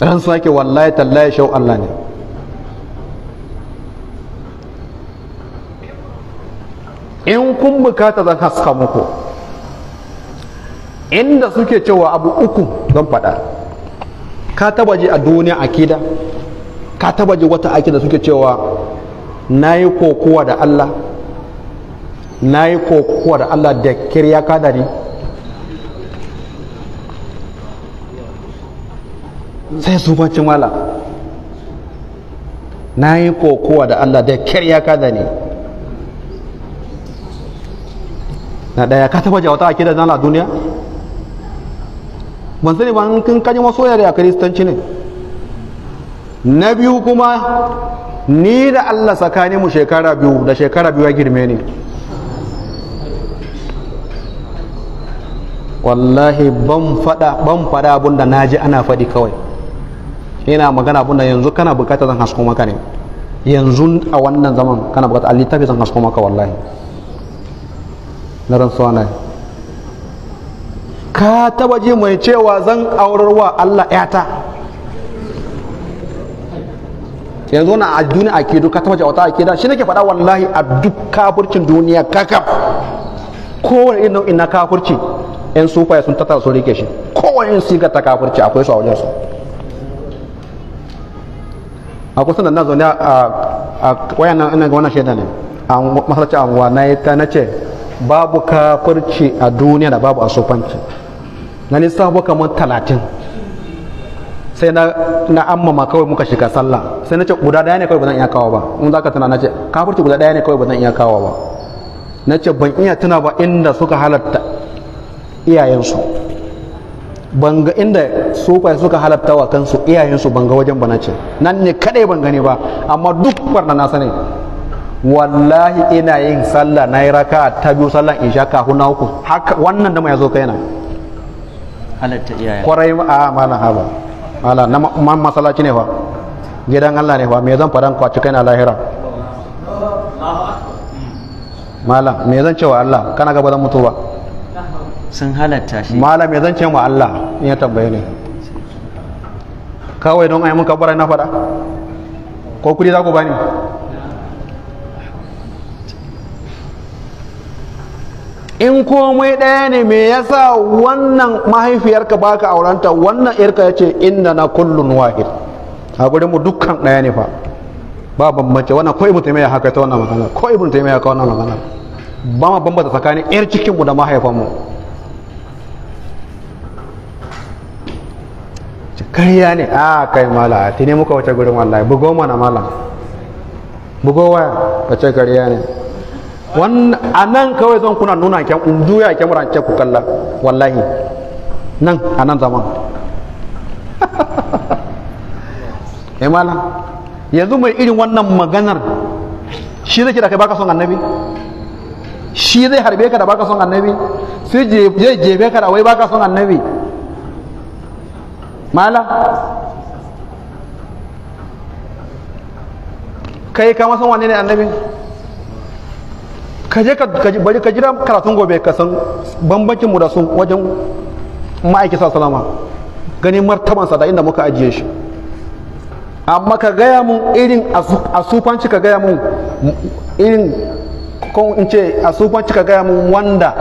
ran ake wallahi tallahi shawo Allah ne in kun bukata zan haska muku inda suke cewa abu uku zan faɗa ka taba je a duniya akida ka taba je wata akida suke cewa na yi kokowa da Allah na yi kokowa da Allah da kirya kadari sai zubancin wala na yi kokowa da Allah da kirya kadari na daya ka tafa jawata a kidan a duniya ban sani ba kin kaji wasu yare a kiristanci ne na biyu kuma ni da Allah tsakanin mu shekara biyu da shekara biyu ya girme ne wallahi ban fada ban fada abin da naji ana faɗi kawai ina magana abin da yanzu kana bukatar zan hasko maka ne yanzu a wannan zaman kana bukatar a littafi zan hasko maka wallahi na rantsuwa ka taba ji mai cewa zan aurarwa Allah yata yanzu na a duniya ake duka ta a wata ke da shi nake faɗa wallahi a duk kafurcin duniya kakaf kowane irin nau'in na kafurci yan sufaye sun tattara sun rike shi kowane irin siga ta kafurci akwai su a wajen su a kusan da na zaune a wayan nan ina ga wannan shaida ne a masarci anguwa na ta na ce babu kafirci a duniya da babu a sofanci na lissafo kamar talatin sai na ma kawai muka shiga sallah sai na ce guda daya ne kawai ba zan iya kawo ba in za ka tuna na ce kafirci guda daya ne kawai ba zan iya kawo ba na ce ban iya tuna ba inda suka halatta iyayensu ban ga inda sufaye suka halatta wa kansu iyayensu ban ga wajen ba na ce nan ne kadai ban gani ba amma duk barna na sani wallahi ina yin sallah na yi raka ta biyu in isha kafin na uku wannan da mai zo na halatta iyaye kwarai a malam haba malam na man masallaci ne fa gidan Allah ne fa me zan fadan kwaci na lahira malam me zan cewa Allah kana gaba zan mutu ba sun halatta shi malam me zan cewa Allah in ya tambaye ne kawai don ayi mun kabara na fada ko kudi za ku bani in komai ɗaya ne me yasa wannan mahaifiyarka baka auranta wannan yarka ce inda na kullun wahid a gudun mu dukkan ɗaya ne fa ba bambance wannan ko ibnu taymiya haka ta wannan magana ko ibnu taymiya haka wannan magana ba ma bambata tsakanin yar cikin mu da mahaifan mu kariya ne a kai mala tine muka wace gudun wallahi bugo mana mala bugo waya wace kariya ne wannan anan kawai zan kuna nuna kyan unduya kyan rance ku kalla wallahi nan anan zaman (laughs) eh malam yanzu mai irin wannan maganar shi zai da kai baka son annabi shi zai harbe ka da baka son annabi sai zai jebe ka da wai baka son annabi mala kai ka san wanne ne annabi ka ka bari ka jira karatun gobe ka san bambancin mu da su wajen sa salama ganin martabansa da inda muka ajiye shi amma ka gaya mun irin asufanci ka gaya mun irin ko in ce asufanci ka gaya mun wanda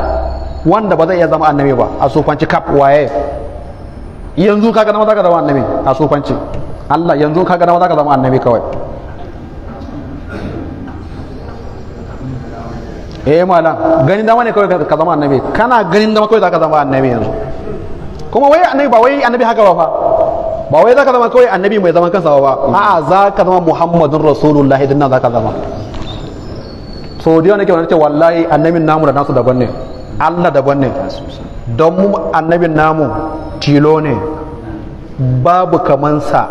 wanda ba zai iya zama annabi ba asufanci kap waye yanzu kaga na zaka zama annabi asufanci Allah yanzu kaga na zaka zama annabi kawai eh malam ganin dama ne kawai ka zama annabi kana ganin dama kawai za ka zama annabi yanzu kuma wai annabi ba wai annabi haka ba fa ba wai za ka zama kawai annabi mai zaman kansa ba a'a za ka zama muhammadun rasulullahi dinna za ka zama so ne yana kyau ce wallahi annabin namu da nasu daban ne allah daban ne don mu annabin namu tilo ne babu kamansa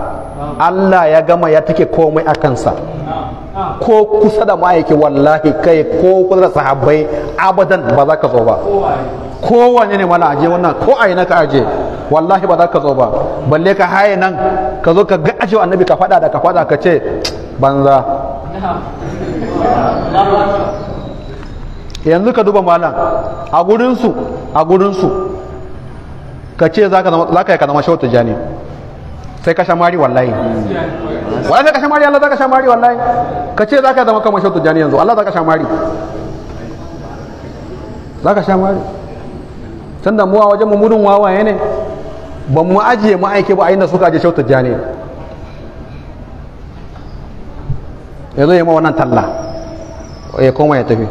allah ya gama ya take komai a kansa ko kusa da ma'aiki wallahi kai ko kusa da sahabbai abadan ba za ka zo ba kowane ne wani aje wannan ko a na ka aje wallahi ba za ka zo ba balle ka haye nan ka zo ka ga aje annabi ka faɗa da ka faɗa ka ce banza yanzu ka duba malam a gurinsu a gurinsu ka ce za ka yi ka zama shautu jani sai ka shamari wallahi wallahi sai ka shamari Allah za ka shamari wallahi ka ce za ka zama kamar shautu jani yanzu Allah za ka shamari za ka shamari tun da muwa wajen mummunin wawaye ne ba mu ajiye mu ba a inda suka ajiye shautu jani ya zo ya ma wannan talla ya koma ya tafi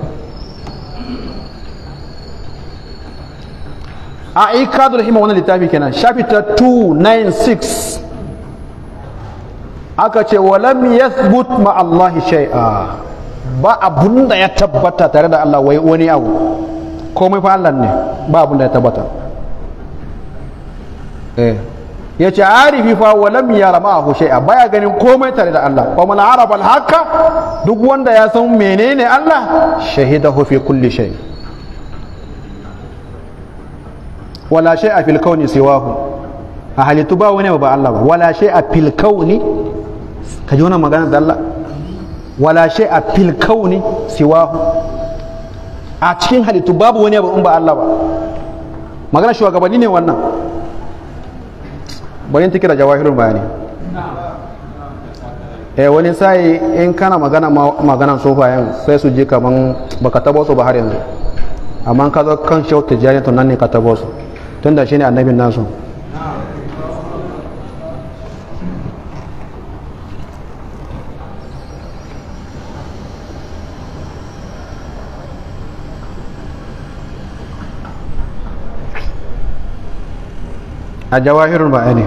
a ikadul hima wannan littafi kenan shafi ta 296 aka ce walam yathbut ma Allah shay'a ba abun da ya tabbata tare da Allah wai wani abu komai fa Allah ne ba abun da ya tabbata eh yace arifi fa walam yara ma hu shay'a baya ganin komai tare da Allah fa man arafa al-haqqa duk wanda ya san menene Allah shahidahu fi kulli shay wala shay'a fil kauni siwahu a halittu ba wani ba Allah ba wala shay'a fil kauni ka ji wannan magana Dalla, wala shay a fil kauni siwahu a cikin halittu babu wani abu in ba Allah ba magana shugabanni ne wannan bari take da jawahirul bayani eh wani sai in kana magana maganan sofayen sai su ji kaman baka tabo su ba har yanzu amma ka zo kan shawta tijjani to nan ne ka tabo su tunda shine annabin nasu a jawahirul ma'ani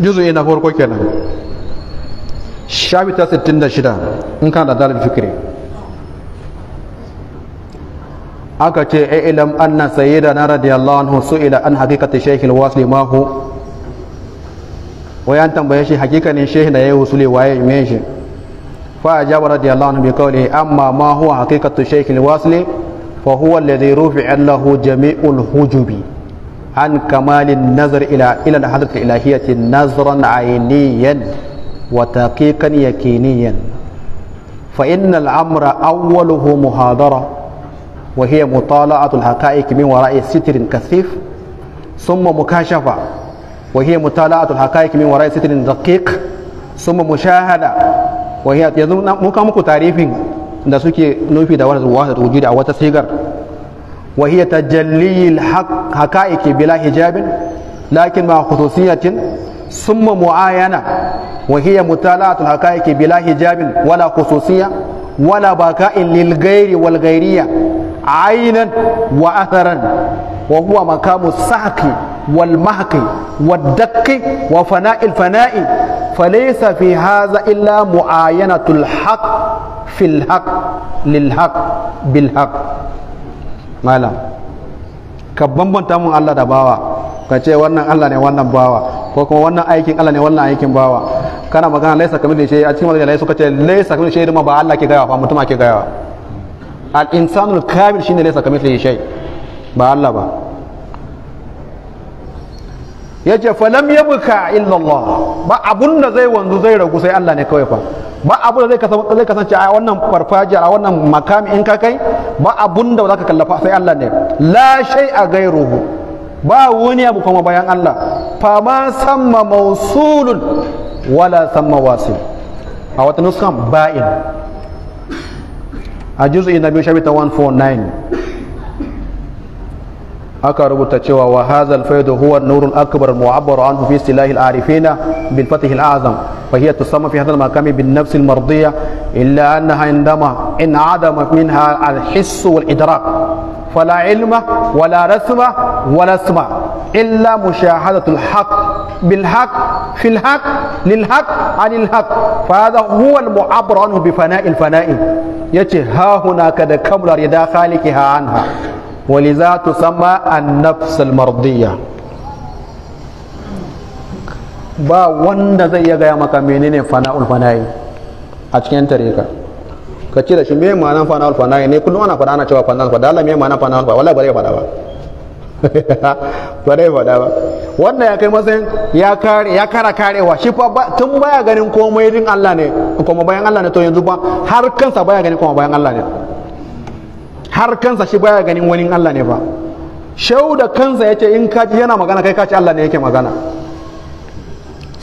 juzu na farko kenan shafi ta 66 in kana da dalil fikiri aka ce ilam anna sayyidana radiyallahu anhu su'ila an haqiqati shaykh al-wasli ma hu wayan tambaye shi hakikanin shehi da yayi usuli waye me shi فأجاب رضي الله عنه بقوله أما ما هو حقيقة الشيخ الواصل فهو الذي رفع له جميع الهجب عن كمال النظر إلى إلى الحضرة الإلهية نظرا عينيا وتقيقا يقينيا فإن الأمر أوله محاضرة وهي مطالعة الحقائق من وراء ستر كثيف ثم مكاشفة وهي مطالعة الحقائق من وراء ستر دقيق ثم مشاهدة wahiya yanzu mun kawo muku tarifin da suke nufi da wani wasa wujudi a wata sigar wahiya tajalliyil hakaiki bila hijabin lakin ma khususiyatin summa muayana wahiya mutala'atul hakaiki bila hijabin wala khususiyya wala baka'in lil ghairi wal ghairiyya عينا وأثرا وهو مقام السحق والمحق والدق وفناء الفناء فليس في هذا إلا معاينة الحق في الحق للحق بالحق مالا ka bambanta mun Allah da bawa ka ce wannan Allah ne wannan bawa ko kuma wannan aikin Allah ne wannan aikin bawa kana magana laisa kamar da shi a cikin magana laisa suka ce laisa kamar da shi ba Allah ke gaya wa mutum ake gaya wa al-insanul kamil shine laysa kamithlihi shai ba Allah ba Ya yace falam yabka illa Allah ba abun da zai wanzu zai ragu sai Allah ne kawai fa ba abu da zai kasance a wannan farfajiya a wannan makami in ka kai ba abun da zaka kallafa sai Allah ne la shai a gairuhu ba wani abu kuma bayan Allah fa ma samma mausulun wala samma wasil a wata nuskan ba'in الجزء النبي شابتا 149 أكا ربو وهذا الفيض هو النور الأكبر المعبر عنه في سلاه العارفين بالفتح الأعظم فهي تسمى في هذا المقام بالنفس المرضية إلا أنها عندما إن عدم منها الحس والإدراك فلا علم ولا رسم ولا سمع illa mushahadatul haqq bil haqq fil haqq lil haq anil haqq fa hadha huwa al mu'abbar anhu bi fana'il fana'i yace ha hunaka da kamlar yada khaliqiha anha ولذا تسمى النفس المرضية ba wanda zai iya gaya maka menene fana'ul fana'i a cikin tarika ka ce da shi me ma'anar fana'ul fana'i ne kullum ana faɗa ana cewa fana'ul fana'i da Allah me ma'anar fana'ul fana'i wallahi ba zai ba (laughs) ba dai faɗa ba wannan ya kai matsayin ya kare ya kara karewa shi fa tun baya ganin komai din Allah ne kuma bayan Allah ne to yanzu ba har kansa baya ganin kuma bayan Allah ne har kansa shi baya ganin wani Allah ne ba shau da kansa yace in ka yana magana kai ka ci Allah ne yake magana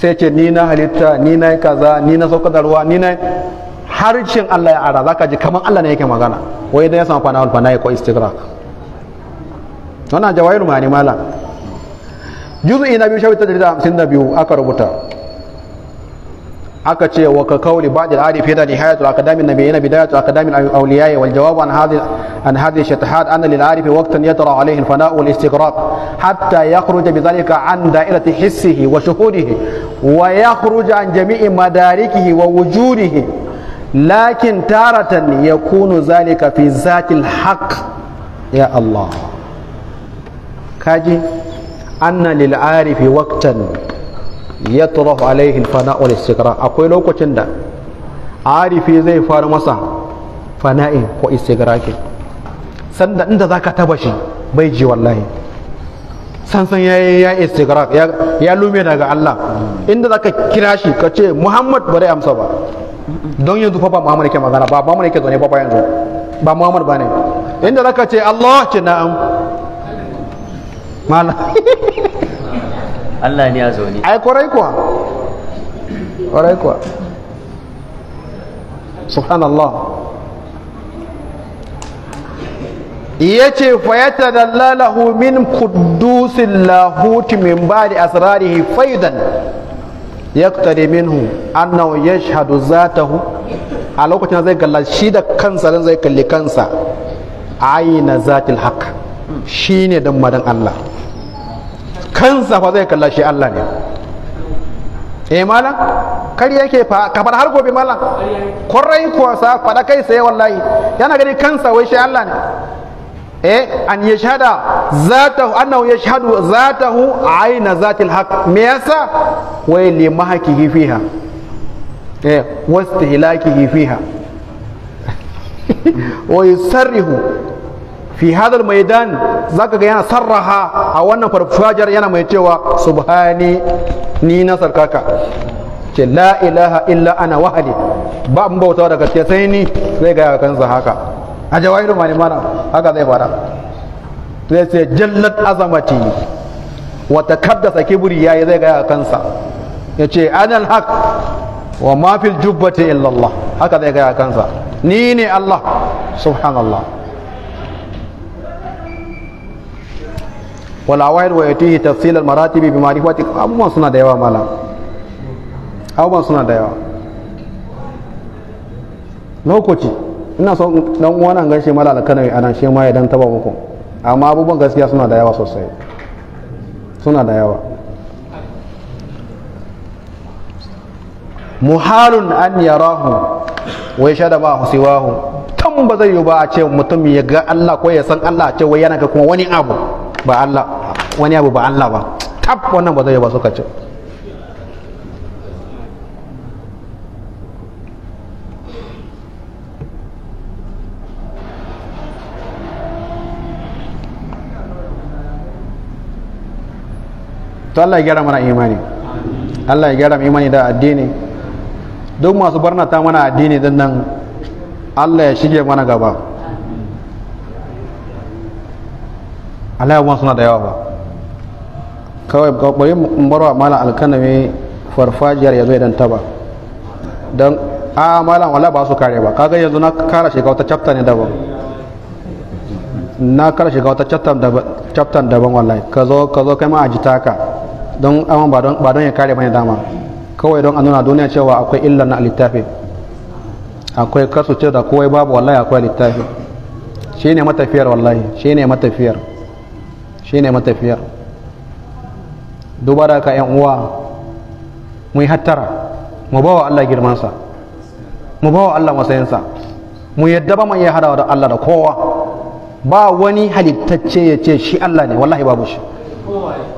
sai ce ni na halitta ni na kaza ni na sauka da ruwa ni na harshen Allah ya ara zaka ji kamar Allah ne yake magana wai idan ya samu fana'ul fana'i ko istighraq wannan jawahir ma'ani malam juz'i na biyu shafi ta da hamsin da biyu aka rubuta aka ce wa ka kauli ba'd al-arif yana nihayatu akadami nabiyina bidayatu akadami al-awliya wal jawab an hadhihi an hadhihi shatahat anna lil arif waqtan yatra alayhi al-fana wal istighraq hatta yakhruja bidhalika an da'irati hissihi wa shuhudihi wa yakhruja an jami'i madarikihi wa wujudihi lakin taratan yakunu dhalika fi zati al-haq ya Allah kaji anna lil arifi waqtan yatrahu alaihi al-fana wal istiqrar akwai lokacin da arifi zai fara masa fana'i ko ke sanda inda zaka tabashi shi bai ji wallahi sansan ya ya istiqraq ya lume daga Allah inda zaka kira shi ka ce Muhammad bari amsa ba don yanzu fa ba Muhammad yake magana ba Muhammad yake zaune ba yanzu ba Muhammad bane inda zaka ce Allah ce na'am mala Allah ne ya zaune ai kwarai kuwa kwarai kuwa subhanallah ya ce fayata da lalahu min kudusin lahuti min ba da asirarihi faidan ya ƙtare minhu annahu ya shahadu zatahu a lokacin zai kalla shi da kansa dan zai kalli kansa aina zatil haq shine don madan Allah kansa fa zai kalla shi Allah ne eh malam kar yake fa kafar har gobe malam kwarai kuwa sa fada kai sai wallahi yana gani kansa wai shi Allah ne eh an yashhada zatahu annahu yashhadu zatahu aina zatil haq me yasa wai li mahakihi fiha eh wastihlakihi fiha (laughs) wa yusarrihu fi hadal maidan zaka ga yana sarraha a wannan farfajar yana mai cewa subhani ni na sarkaka ce la ilaha illa ana wahali ba an bautawa daga gaske sai ni zai ga kansa haka a jawahiru mani mana haka zai fara zai ce jallat azamati wa takaddasa kibri yayi zai ga kansa ya ce anal haq wa ma fil jubbati illa Allah haka zai ga kansa ni ne Allah subhanallah Wala wayar wa yatihi tafsil al maratib bi ma'rifati abubuwan suna da yawa malam abubuwan suna da yawa lokaci ina so dan uwana gan shi mala alkanawi anan shi ma idan taba muku amma abubuwan gaskiya suna da yawa sosai suna da yawa muhalun an yarahu wa yashada ma siwahu tan ba zai yi ba a ce mutum ya ga Allah ko ya san Allah a ce wai yana ga kuma wani abu ba Allah wani abu ba Allah ba tab wannan ba zai ba suka ce to Allah ya gyara mana imani Allah ya gyara imani da addini duk masu barnata mana addini din nan Allah ya shige mana gaba alayabuwan suna da yawa ba kawai bari mbarwa barwa malam alkanami farfajiyar yanzu idan ta ba don a malam wala ba su kare ba kaga yanzu na kara shiga wata chapter ne daban na kara shiga wata chapter daban wallahi ka zo ka zo kai ma ajita ka don amon ba don ba don ya kare bane dama kawai don a nuna duniya cewa akwai illa na littafi akwai kasu ce da kowai babu wallahi akwai littafi shine matafiyar wallahi shine matafiyar shine matafiyar duba ka yan uwa mu yi hattara mu bawa Allah girmansa mu bawa Allah matsayinsa mu yadda ba mu yi hadawa da Allah da kowa ba wani halittacce ya ce shi Allah ne wallahi babu shi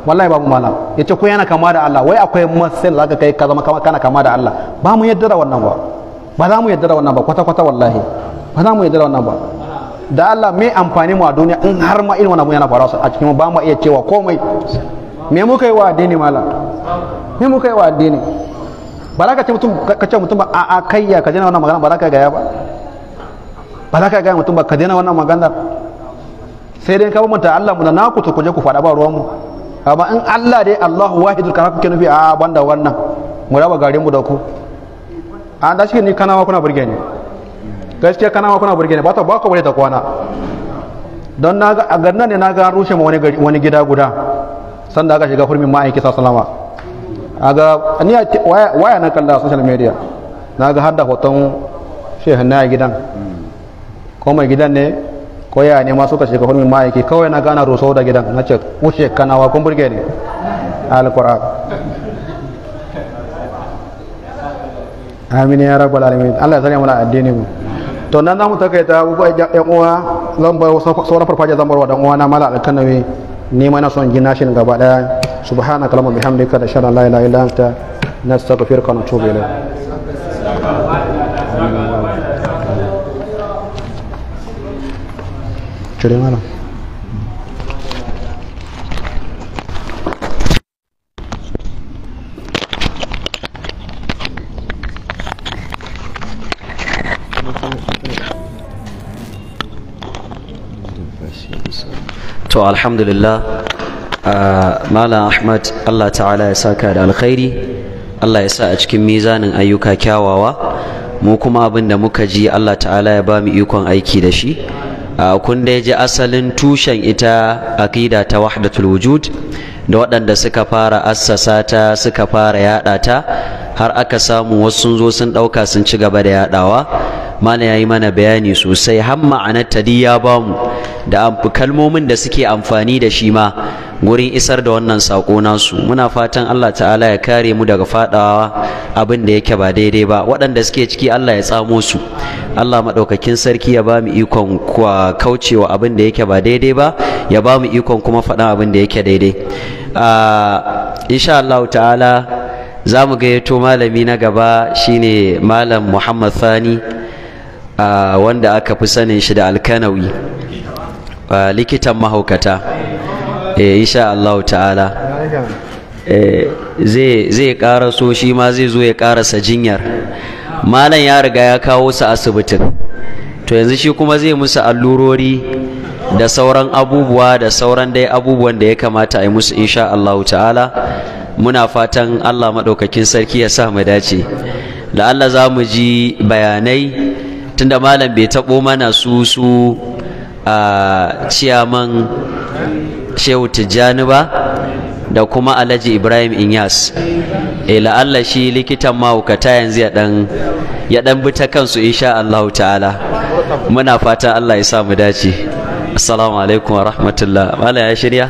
wallahi babu malam ya ce ko yana kama da Allah wai akwai masal zaka kai ka zama kana kama da Allah ba mu yadda da wannan ba ba za mu yadda da wannan ba kwata kwata wallahi ba za mu yadda da wannan ba da Allah mai amfani mu a duniya in har ma irin wannan abu yana faruwa a cikin ba mu iya cewa komai me muka yi wa addini mala me muka yi wa addini ba za ka ce mutum ka ce mutum ba a a ka daina wannan magana ba za ka gaya ba ba za ka gaya mutum ba ka daina wannan magana sai dai ka mutunta Allah mu da naku to ku ku faɗa ba ruwan mu amma in Allah dai Allahu wahidul karaku kenu nufi a banda wannan mu raba garin mu da ku an da shi ne kanawa kuna burge ne gaskiya kana ma kuna burge ne ba ta ba ku bare ta kwana don na ga a garin ne na ga rushe ma wani wani gida guda sanda aka shiga hurmin ma'aiki A aga ni waya na kalla a social media na ga har da hoton shehin na gidan ko mai gidan ne ko ya ne masu suka shiga hurmin ma'aiki kawai na gana rusau da gidan na ce wuce kanawa kun burge ne alkur'an amin ya rabbal alamin Allah ya sani mana addini mu to nan zamu takaita abubuwa yan uwa zan bar sauran farfajiya zan barwa dan na mala alkanawi ni ma na son gina shi gaba daya subhanaka allahumma bihamdika da shalla la ilaha illa anta nastaghfiruka wa natubu ilayk Cire to alhamdulillah malam ahmad allah ta'ala ya saka da alkhairi allah ya sa a cikin mizanin ayyuka kyawawa mu kuma abin da muka ji allah ta'ala ya ba mu ikon aiki da shi kun da ji asalin tushen ita aqida ta wahdatul wujud da waɗanda suka fara assasa ta suka fara yaɗa ta har aka samu wasu sun zo sun ɗauka sun ci gaba da yaɗawa mana ya yi mana bayani sosai har ma'anar ta ya bamu da kalmomin da suke amfani da shi ma wurin isar da wannan saƙo nasu muna fatan Allah ta'ala ya kare mu daga fadawa abin da yake ba daidai ba waɗanda suke ciki Allah ya tsamo su Allah maɗaukakin sarki ya ba mu ikon kwa kaucewa abin da yake ba daidai ba ya ba mu ikon kuma faɗan abin da yake daidai insha Allah ta'ala za mu gayyato malami na gaba shine malam Muhammad Sani wanda aka fi sanin shi da alkanawi likitan mahaukata eh, insha Allah ta'ala eh, zai kara so shi ma zai zo ya karasa jinyar malam ya riga ya kawo su asibitin to yanzu shi kuma zai musu allurori da sauran abubuwa da sauran dai abubuwan da ya kamata a yi musu insha Allah ta'ala muna fatan Allah maɗaukakin sarki ya sa mu dace da Allah za mu ji bayanai tunda malam bai taɓo mana su su a ciyaman shehu tijjani ba da kuma alhaji ibrahim inyas Eh la'alla shi likitan mahaukata yanzu ya dan bi ta kansu insha Allah ta'ala muna fatan Allah ya sa mu dace assalamu alaikum wa rahmatullah mala ya shirya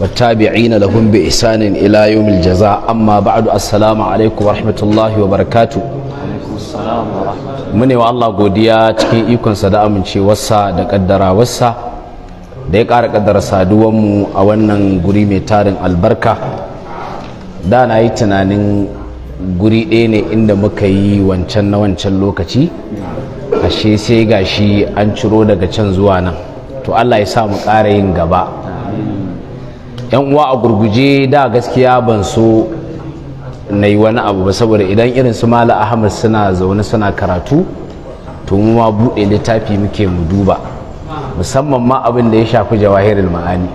والتابعين لهم بإحسان إلى يوم الجزاء أما بعد السلام عليكم ورحمة الله وبركاته mune wa Allah godiya cikin ikonsa da amincewarsa da kaddara wassa da ya ƙara kaddara mu a wannan guri mai tarin albarka da na yi tunanin guri ɗaya ne inda muka yi wancan na wancan lokaci ashe sai gashi an ciro daga can zuwa nan to Allah ya sa mu ƙara yin gaba yan uwa a gurguje da gaskiya ban so na yi wani abu ba saboda idan irin su mala ahmad suna zaune suna karatu to mu ma buɗe littafi muke mu duba musamman ma abin da ya shafi jawahirul ma'ani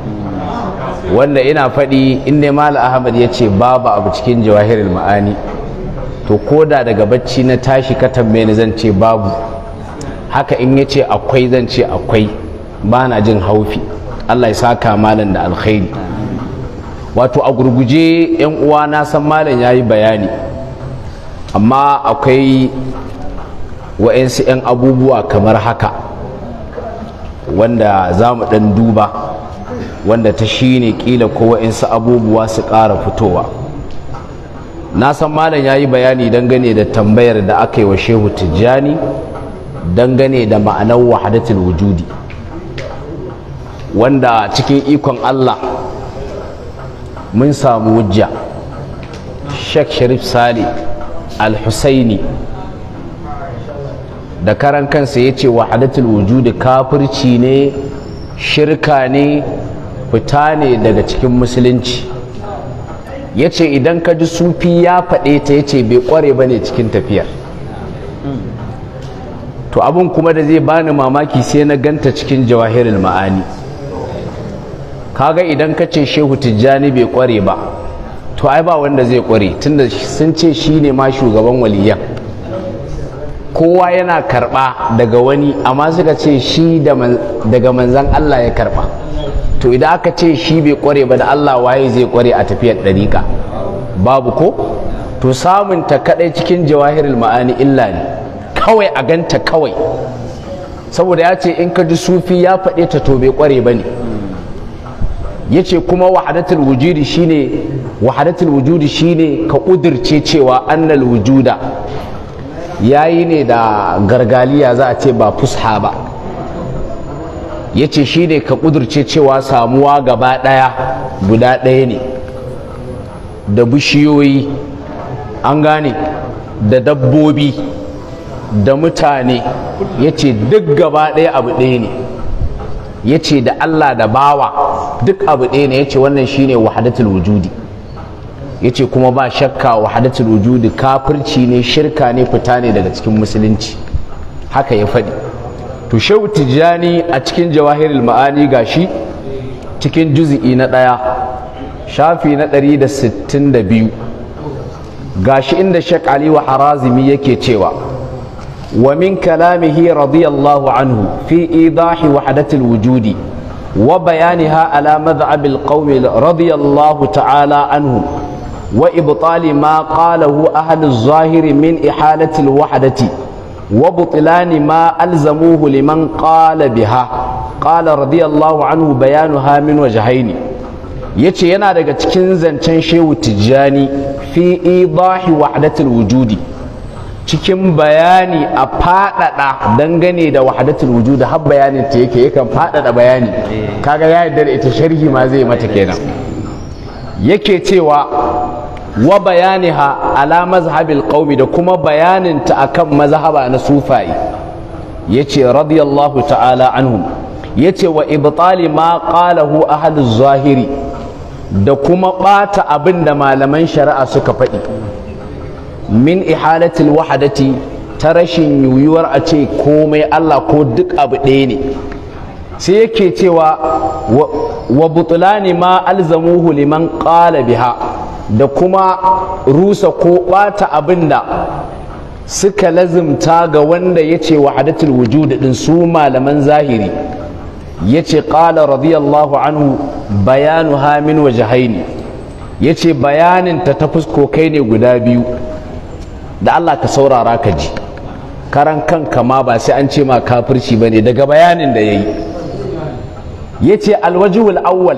wanda ina faɗi in ne mala ahmad ya ce babu abu cikin jawahirul ma'ani to koda daga bacci na tashi ka tambaye ni zan ce babu haka in ya ce akwai zan ce akwai ba na jin haufi allah ya saka malam da alkhairi wato a gurguje yan uwa na san malam ya yi bayani amma akwai wa'ansu yan abubuwa kamar haka wanda za mu ɗan duba wanda ta shi ne ƙila ko wa'ansu abubuwa su ƙara fitowa na san malam ya yi bayani dangane da tambayar da aka yi wa shehu tijjani dangane da ma'anar wahadatul wujudi wanda cikin ikon allah mun samu wujja sheikh sharif sali al-husaini da karan kansa ya ce wahadatul wujudi kafirci ne shirka ne fita ne daga cikin musulunci ya ce idan ka ji sufi ya faɗe ta ya ce bai ƙware ba ne cikin tafiyar to abin kuma da zai bani mamaki sai na ganta cikin jawahirul ma'ani kaga idan ka ce shehu tijjani bai kware ba to ai ba wanda zai kware tunda sun ce shi ne ma shugaban waliyan kowa yana karɓa daga wani amma suka ce shi daga manzan Allah ya karɓa to idan aka ce shi bai kware ba da Allah waye zai kware a tafiyar dariƙa babu ko to samun ta kaɗai cikin jawahirul ma'ani illa ne kawai a ganta kawai saboda ya ce in ka ji sufi ya faɗe ta to bai kware ba ne yace kuma wahadatul wujudi shine wahadatul wujudi shine ka kudirce cewa annal wujuda yayi ne da gargaliya za a ce ba fusha ba yace shine ka kudirce cewa samuwa gaba daya guda ɗaya ne da bishiyoyi an gane da dabbobi da mutane yace duk gaba ɗaya abu ɗaya ne ya ce da Allah da bawa duk abu ɗaya ne ya ce wannan shi shine wahadatul wujudi ya ce kuma ba shakka wahadatul wujudi kafirci ne shirka ne fita ne daga cikin musulunci haka ya faɗi to shehu tijjani a cikin jawahirul ma'ani gashi cikin juzi'i na ɗaya shafi na ɗari da da sittin 162 gashi inda shak ali wa harazimi yake cewa ومن كلامه رضي الله عنه في إيضاح وحدة الوجود وبيانها على مذعب القوم رضي الله تعالى عنهم وإبطال ما قاله أهل الظاهر من إحالة الوحدة وبطلان ما ألزموه لمن قال بها قال رضي الله عنه بيانها من وجهين yace yana daga cikin zancen shehu tijjani fi idahi wahdatul wujudi cikin bayani a faɗaɗa dangane da wahadatul wujud har bayanin ta yake yakan faɗaɗa bayani kaga ya yarda da ita sharhi ma zai mata kenan yake cewa wa bayaniha ala mazhabil qaumi da kuma bayanin ta akan mazhaba na sufai yace radiyallahu ta'ala anhum yace wa ibtali ma qalahu ahaduz zahiri da kuma bata abin da malaman shari'a suka faɗi min ihalatil wahadati ta rashin yuyuwar a ce komai Allah ko duk abu ɗaya ne sai yake cewa wa butulani ma alzamuhu liman qala biha da kuma rusa ko ɓata abinda suka lazimta ga wanda ya ce wahadatul wujud din su malaman zahiri ya ce ƙala radiyallahu anhu bayanu hamin wajahaini ya ce bayaninta ta fuskokai ne guda biyu da Allah ka saurara ka ji karan kanka ma ba sai an ce ma kafirci ba ne daga bayanin da ya yi ya ce alwajihul awwal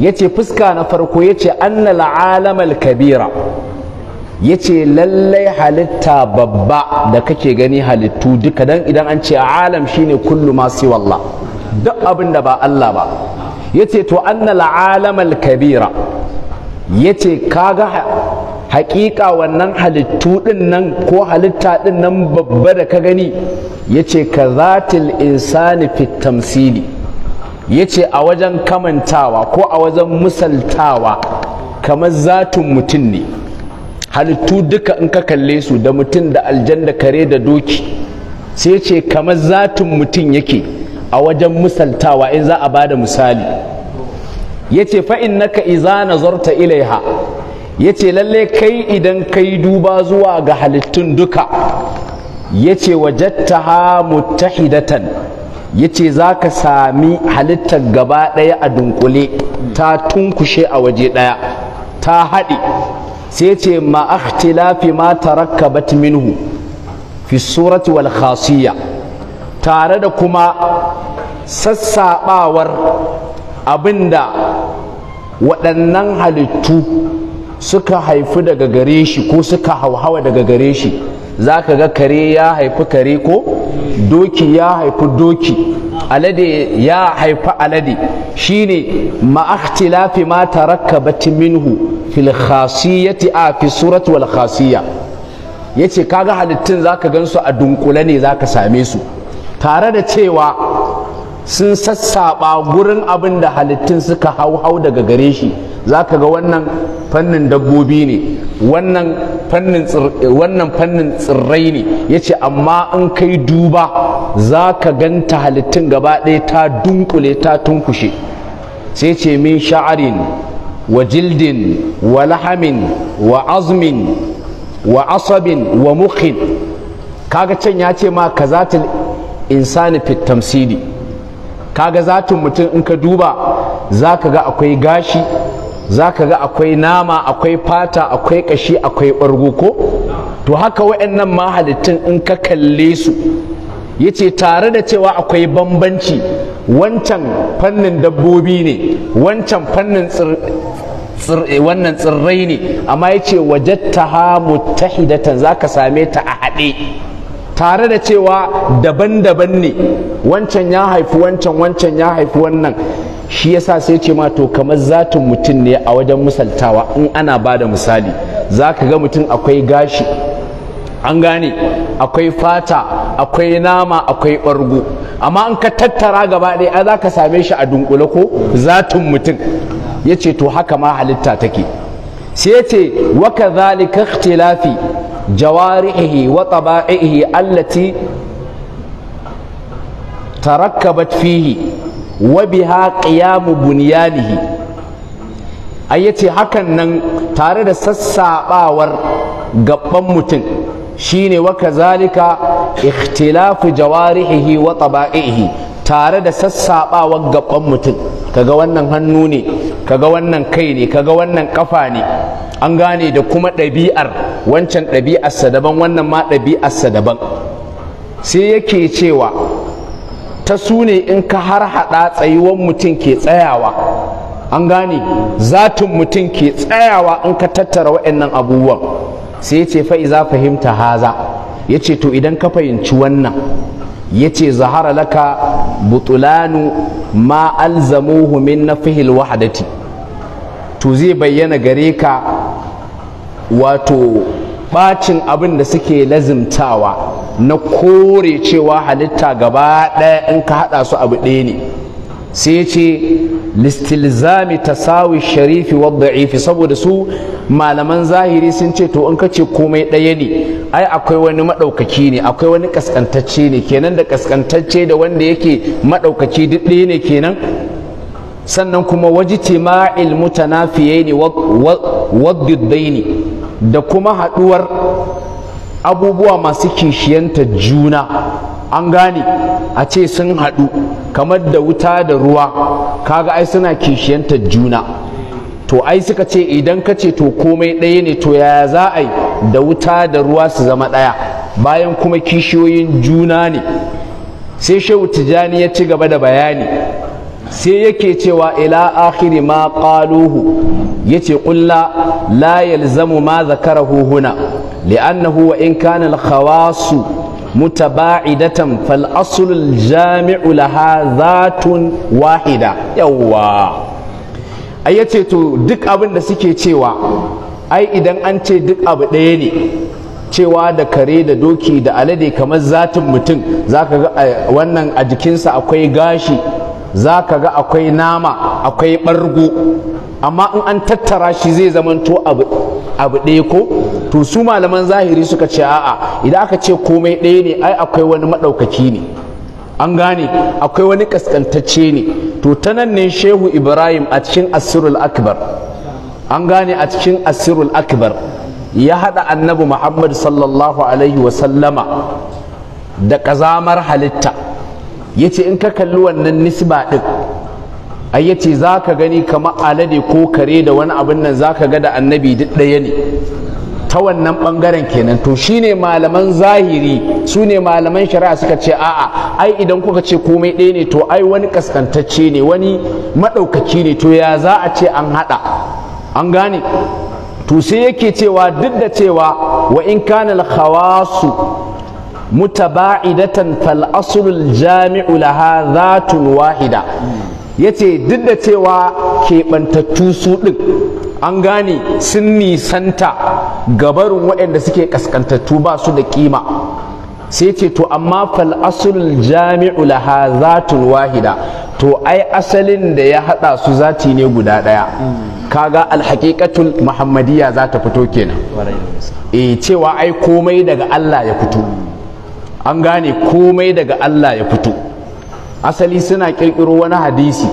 ya ce fuska na farko ya ce annal alamal kabira ya ce lallai halitta babba da kake gani halittu duka dan idan an ce alam shine kullu ma siwallah duk abin da ba Allah ba ya ce to annal alamal kabira ya ce kaga haƙiƙa wannan halittu ɗin nan ko halitta ɗin nan babba da ka gani yace ce ka zatil insani fitamsili ya ce a wajen kamantawa ko a wajen musaltawa kamar zatin mutum ne halittu duka in ka kalle su da mutum da aljan kare da doki sai ce kamar zatin mutum yake a wajen musaltawa in za a bada misali yace ce fa'in naka izana nazarta ilaiha yace lalle kai idan kai duba zuwa ga halittun duka yace ce wajattaha muttahidatan ya ce za ka sami halittar gaba ɗaya a dunkule ta tunkushe a waje ɗaya ta haɗe sai ce ma'akhtilafi ma tarakkabat minhu fi surati wal khasiyya tare da kuma sassaɓawar abinda waɗannan halittu suka haifi daga gare shi ko suka hauhawa daga gare shi za ka ga kare ya haifi kare ko doki ya haifi doki alade ya haifi alade shi shine ma'akhtilafi ma tarakkabat minhu fil khasiyati a fi surat wal khasiya ce kaga halittun za zaka gansu a dunkule ne za ka same su tare da cewa sun sassaɓa gurin abin da halittun suka hau-hau daga gare shi za ka ga wannan fannin dabbobi ne wannan fannin tsirrai ne ya ce amma in kai duba za ka ganta halittun gaba ɗaya ta dunkule ta tunkushe sai ce min sha'arin wa jildin wa lahamin wa azmin wa asabin wa mukhin kaga can ya ce ma kazatil insani fit tamsili kaga zatin mutum in ka duba za ka ga akwai gashi za ka ga akwai nama akwai fata akwai ƙashi akwai ɓargo ko to haka waɗannan mahalittun in ka kalle su ya ce tare da cewa akwai bambanci wancan fannin dabbobi ne wancan fannin eh, wannan tsirrai ne amma ya ce wajatta ha za ka same ta a haɗe tare da cewa daban-daban ne wancan ya haifi wancan wancan ya haifi wannan shi yasa sai ce ma to kamar zatin mutum ne a wajen misaltawa in ana ba da misali za ka ga mutum akwai gashi an gane akwai fata akwai nama akwai ɓargo amma in ka tattara gaba ɗaya za ka same shi a dunkule ko zatin mutum ya ce to haka ma halitta take sai ce waka zalika ikhtilafi جوارحه وطبائعه التي تركبت فيه وبها قيام بنيانه ayyace hakan nan tare da sassaɓawar gaban mutum shine wa kazalika ikhtilafu jawarihi wa taba'ihi tare da sassaɓawar gaban mutum kaga wannan hannu ne kaga wannan kai ne kaga wannan kafa ne an gane da kuma ɗabi'ar wancan ɗabi'arsa daban wannan ma ɗabi'arsa daban sai yake cewa ta su ne in ka har haɗa tsayuwan mutum ke tsayawa an gane zatin mutum ke tsayawa in ka tattara waɗannan abubuwan sai ya ce fa'iza fahimta haza ya ce to idan ka fahimci wannan ya ce zahara laka butulanu ma alzamuhu min nafihil wahadati to zai bayyana gare ka wato bacin abin da suke lazimtawa na kore cewa halitta gaba ɗaya in ka haɗa su abu ɗaya ne sai ya ce listilzami sawi sharifi wadda da'ifi saboda su malaman zahiri sun ce to in kace komai ɗaya ne ai akwai wani maɗaukaki ne akwai wani ƙasƙantacce ne kenan da ƙasƙantacce da wanda yake maɗaukaki duk ɗaya ne kenan sannan kuma waji na fiye ne ne da kuma haɗuwar abubuwa masu kishiyanta juna an gane a ce sun haɗu kamar da wuta da ruwa kaga ai suna kishiyantar juna to ai suka ce idan ka ce to komai ɗaya ne to yaya za a yi da wuta da ruwa su zama ɗaya bayan kuma kishiyoyin juna ne sai shehu tijjani ya ci gaba da bayani sai yake cewa ila akhiri ma qaluhu yace qulla la yalzamu ma zakarahu huna li'annahu wa in kana al-khawasu mutaba'idatan fal aslul jami'u laha zatun wahida yawwa ai yace to duk abin da suke cewa ai idan an ce duk abu ɗaya ne cewa da kare da doki da alade kamar zatin mutum zaka ga eh, wannan a jikinsa akwai gashi zaka ga akwai nama akwai ɓargo amma in an tattara shi zai zamanto abu ɗaya ko to su malaman zahiri suka ce a'a idan aka ce komai ɗaya ne ai akwai wani maɗaukaki ne an gane akwai wani kaskantacce ne to ta nan ne shehu ibrahim a cikin asirul akbar an gane a cikin asirul akbar ya haɗa annabi muhammad sallallahu alaihi wasallama da ƙazamar halitta ya ce in ka kalli wannan nisba ɗin ai yace zaka gani kamar alade ko kare da wani abin nan zaka ga da annabi duk ɗaya ne ta wannan bangaren kenan to shine malaman zahiri su ne malaman shari'a suka ce a'a ai idan kuka ce komai ɗaya ne to ai wani kaskantacce ne wani maɗaukaci ne to ya za a ce an haɗa an gane to sai yake cewa duk da cewa wa in kana al-khawasu mutaba'idatan fal aslul jami'u laha zatun wahida ya ce duk da cewa keɓantattu su ɗin an gane sun nisanta gabarin waɗanda suke ƙasƙantattu ba su da ƙima sai ce to amma fal asul jami'u laha wahida to ai asalin da ya haɗa su zati ne guda ɗaya kaga alhaƙiƙatul muhammadiyya za ta fito kenan e cewa ai komai daga Allah ya fito an gane komai daga Allah ya fito asali suna ƙirƙiro wani hadisi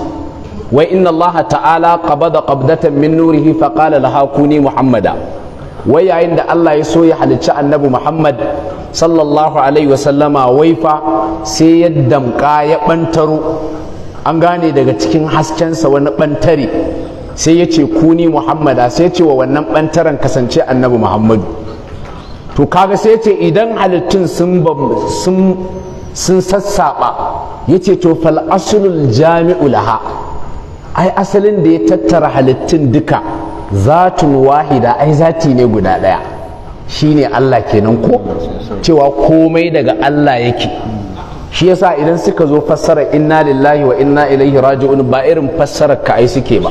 wai inna Allah ta'ala qabada qabdatan min nurihi fa qala laha kuni muhammada wai yayin da Allah ya so ya halicci annabi Muhammad sallallahu alaihi wasallama wai fa sai ya damƙa ya bantaro an gane daga cikin haskensa wani bantare sai ya ce kuni muhammada sai ce wa wannan bantaren kasance annabi muhammadu to kaga sai ce idan halittun sun sun sassaɓa ya ce to fal asalin jami'u laha ai asalin da ya tattara halittun duka zatun wahida ai zati ne guda ɗaya shine Allah kenan ko cewa komai daga Allah yake shi yasa idan suka zo fassara inna lillahi wa inna ilaihi raji'un ba irin fassarar ka ai suke ba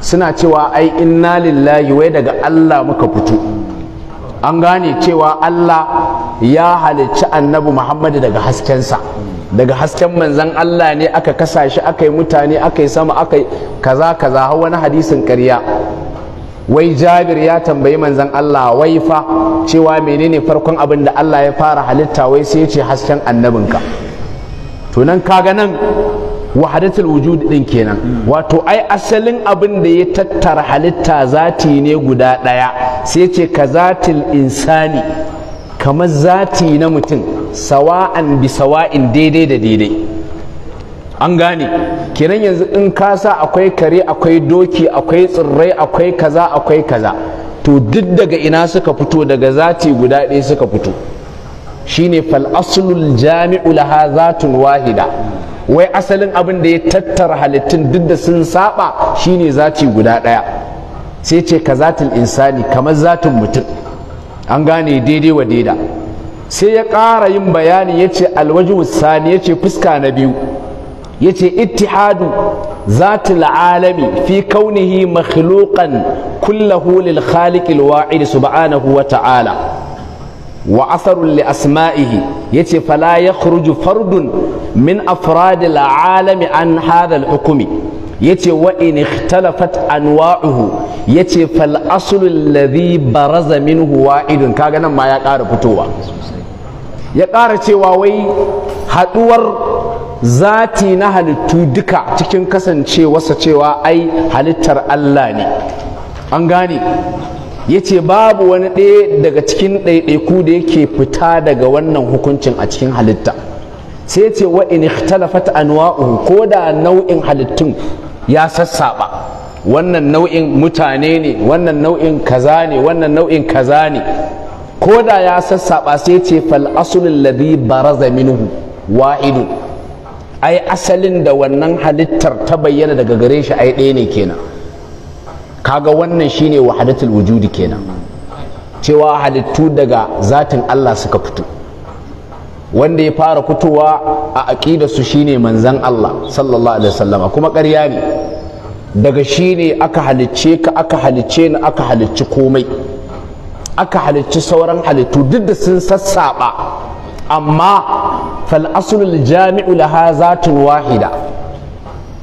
suna cewa ai inna lillahi wai daga Allah muka fito an gane cewa Allah ya halicci annabi Muhammadu daga haskensa daga hasken manzan Allah ne aka kasashe shi aka yi mutane aka yi sama aka yi kaza kaza hau wani hadisin karya. wai jabir ya tambayi manzan Allah wai fa cewa menene farkon abin da Allah ya fara halitta wai sai ya ce hasken annabinka to nan kaga nan wahadatul wujud din kenan wato ai asalin abin da ya tattara halitta zati ne guda ɗaya sai ce ka zatil insani kamar zati na mutum sawa'an bi sawa'in daidai da daidai an gane kenan yanzu in kasa akwai kare akwai doki akwai tsirrai akwai kaza akwai kaza to duk daga ina suka fito daga zati guda ɗaya suka fito shine fal aslul jami'u laha zatun wahida wai asalin abin da ya tattara halittun duk da sun saba shine zati guda ɗaya sai ce ka zatin insani kamar zatin mutum an gane daidai wa daida sai ya ƙara yin bayani ya ce alwaji sani ya ce fuska na biyu ya ce ittihadu zati la'alami fi kaunihi makhluqan kullahu lil khaliqil wa'id subhanahu wa ta'ala wa asarun li asma'ihi yace fala yakhruju fardun min afradil alami an hadal hukumi yace wa in ikhtalafat anwa'uhu yace fal aslu alladhi baraza minhu wa'idun kaga nan ma ya ƙara fitowa ya ƙara cewa wai haɗuwar zati na halittu duka cikin kasancewarsa cewa ai halittar Allah ne an gane ya ce babu wani ɗaya daga cikin ɗaiɗaiku da yake fita daga wannan hukuncin a cikin halitta sai ya ce wa in ikhtalafat anwa'uhu ko da nau'in halittun ya sassaba wannan nau'in mutane ne wannan nau'in kaza ne wannan nau'in kaza ne ko da ya sassaba sai ce fal asulin ladhi baraza minhu wahidu ai asalin da wannan halittar ta bayyana daga gare shi ai ɗaya ne kenan kaga wannan shine wahadatul wujudi kenan cewa halittu daga zatin Allah suka fito wanda ya fara fitowa a aqidarsu shine manzon Allah sallallahu alaihi wasallama kuma ƙarya ne daga shine aka halicce ka aka halicce ni aka halicci komai aka halicci sauran halittu duk da sun sassaba amma fal aslul jami'u laha zatun wahida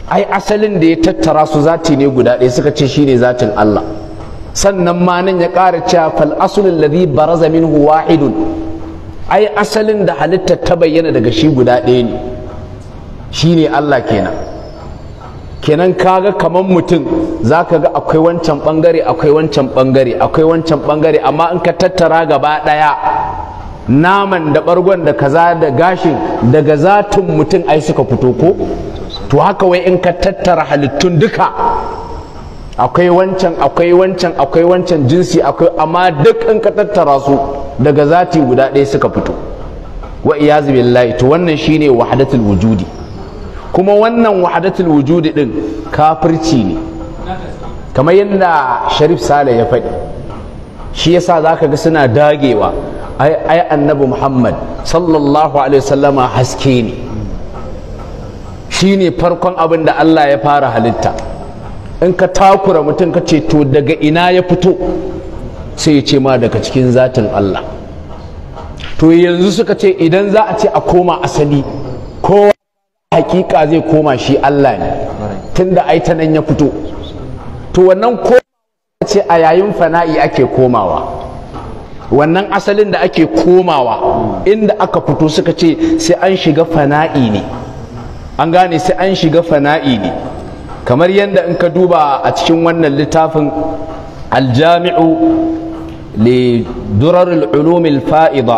ai asalin da ya tattara su zati ne guda ɗaya suka ce shine zatin Allah sannan ma nan ya ƙara cewa fal asul alladhi baraza minhu wahidun ai asalin da halitta ta bayyana daga shi guda ɗaya ne shine Allah kenan kenan kaga kaman mutum zaka ga akwai wancan bangare akwai wancan bangare akwai wancan bangare amma in ka tattara gaba ɗaya naman da bargon da kaza da gashin daga zatin mutum ai suka fito ko to haka wai in ka tattara halittun duka akwai wancan akwai wancan akwai wancan jinsi akwai amma duk in ka tattara su daga zati guda ɗaya suka fito wa iyazu billahi to wannan shine wahdatul wujudi kuma wannan wahadatul wujudi din kafirci ne kamar yadda sharif sale ya faɗi shi yasa zaka ga suna dagewa ai ai annabi muhammad sallallahu alaihi wasallama haske ne Shi ne farkon abin da Allah ya fara halitta in ka takura mutum ka ce to daga ina ya fito sai ya ce ma daga cikin zatin Allah to yanzu suka ce idan za a ce a koma asali ko hakika zai koma shi Allah ne tunda ai ta ya fito to wannan ko ce a yayin fana'i ake komawa wannan asalin da ake komawa inda aka fito suka ce sai an shiga fana'i ne an gane sai an shiga fana'i ne kamar yadda in ka duba a cikin wannan littafin aljami'u li durarul ulumil fa'ida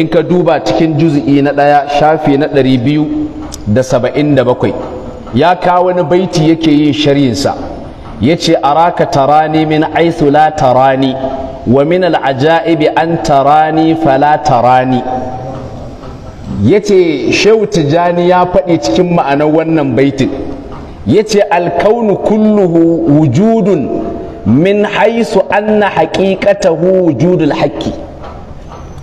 in ka duba cikin juz'i na ɗaya shafi na ɗari biyu da saba'in da bakwai ya kawo wani baiti yake yin shari'insa. ya ce araka tarani min aithu la tarani wa min al'ajaibi an tarani fala tarani ya ce shehu tijani ya faɗi cikin ma'anar wannan baitin ya ce alkaunu kulluhu wujudun min haisu anna hu wujudul haƙƙi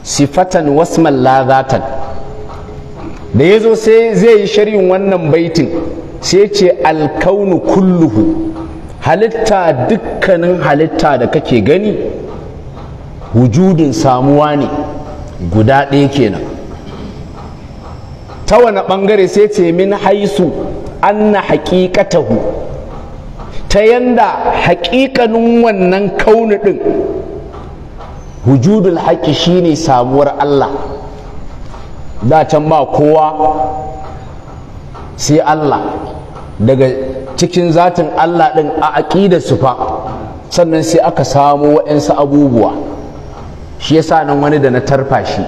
sifatan wasman za ta. da zo sai zai yi sharhin wannan baitin sai ce alkaunu kulluhu halitta dukkanin halitta da kake gani wujudin samuwa ne guda ɗaya kenan ta wani bangare sai ce min haisu anna haƙiƙatahu ta yanda haƙiƙanin wannan kauni ɗin wujudul haƙi shine samuwar Allah da can ba kowa sai Allah daga cikin zatin Allah ɗin a aƙidar su fa sannan sai aka samo waɗansu abubuwa shi yasa nan wani da na tarfashi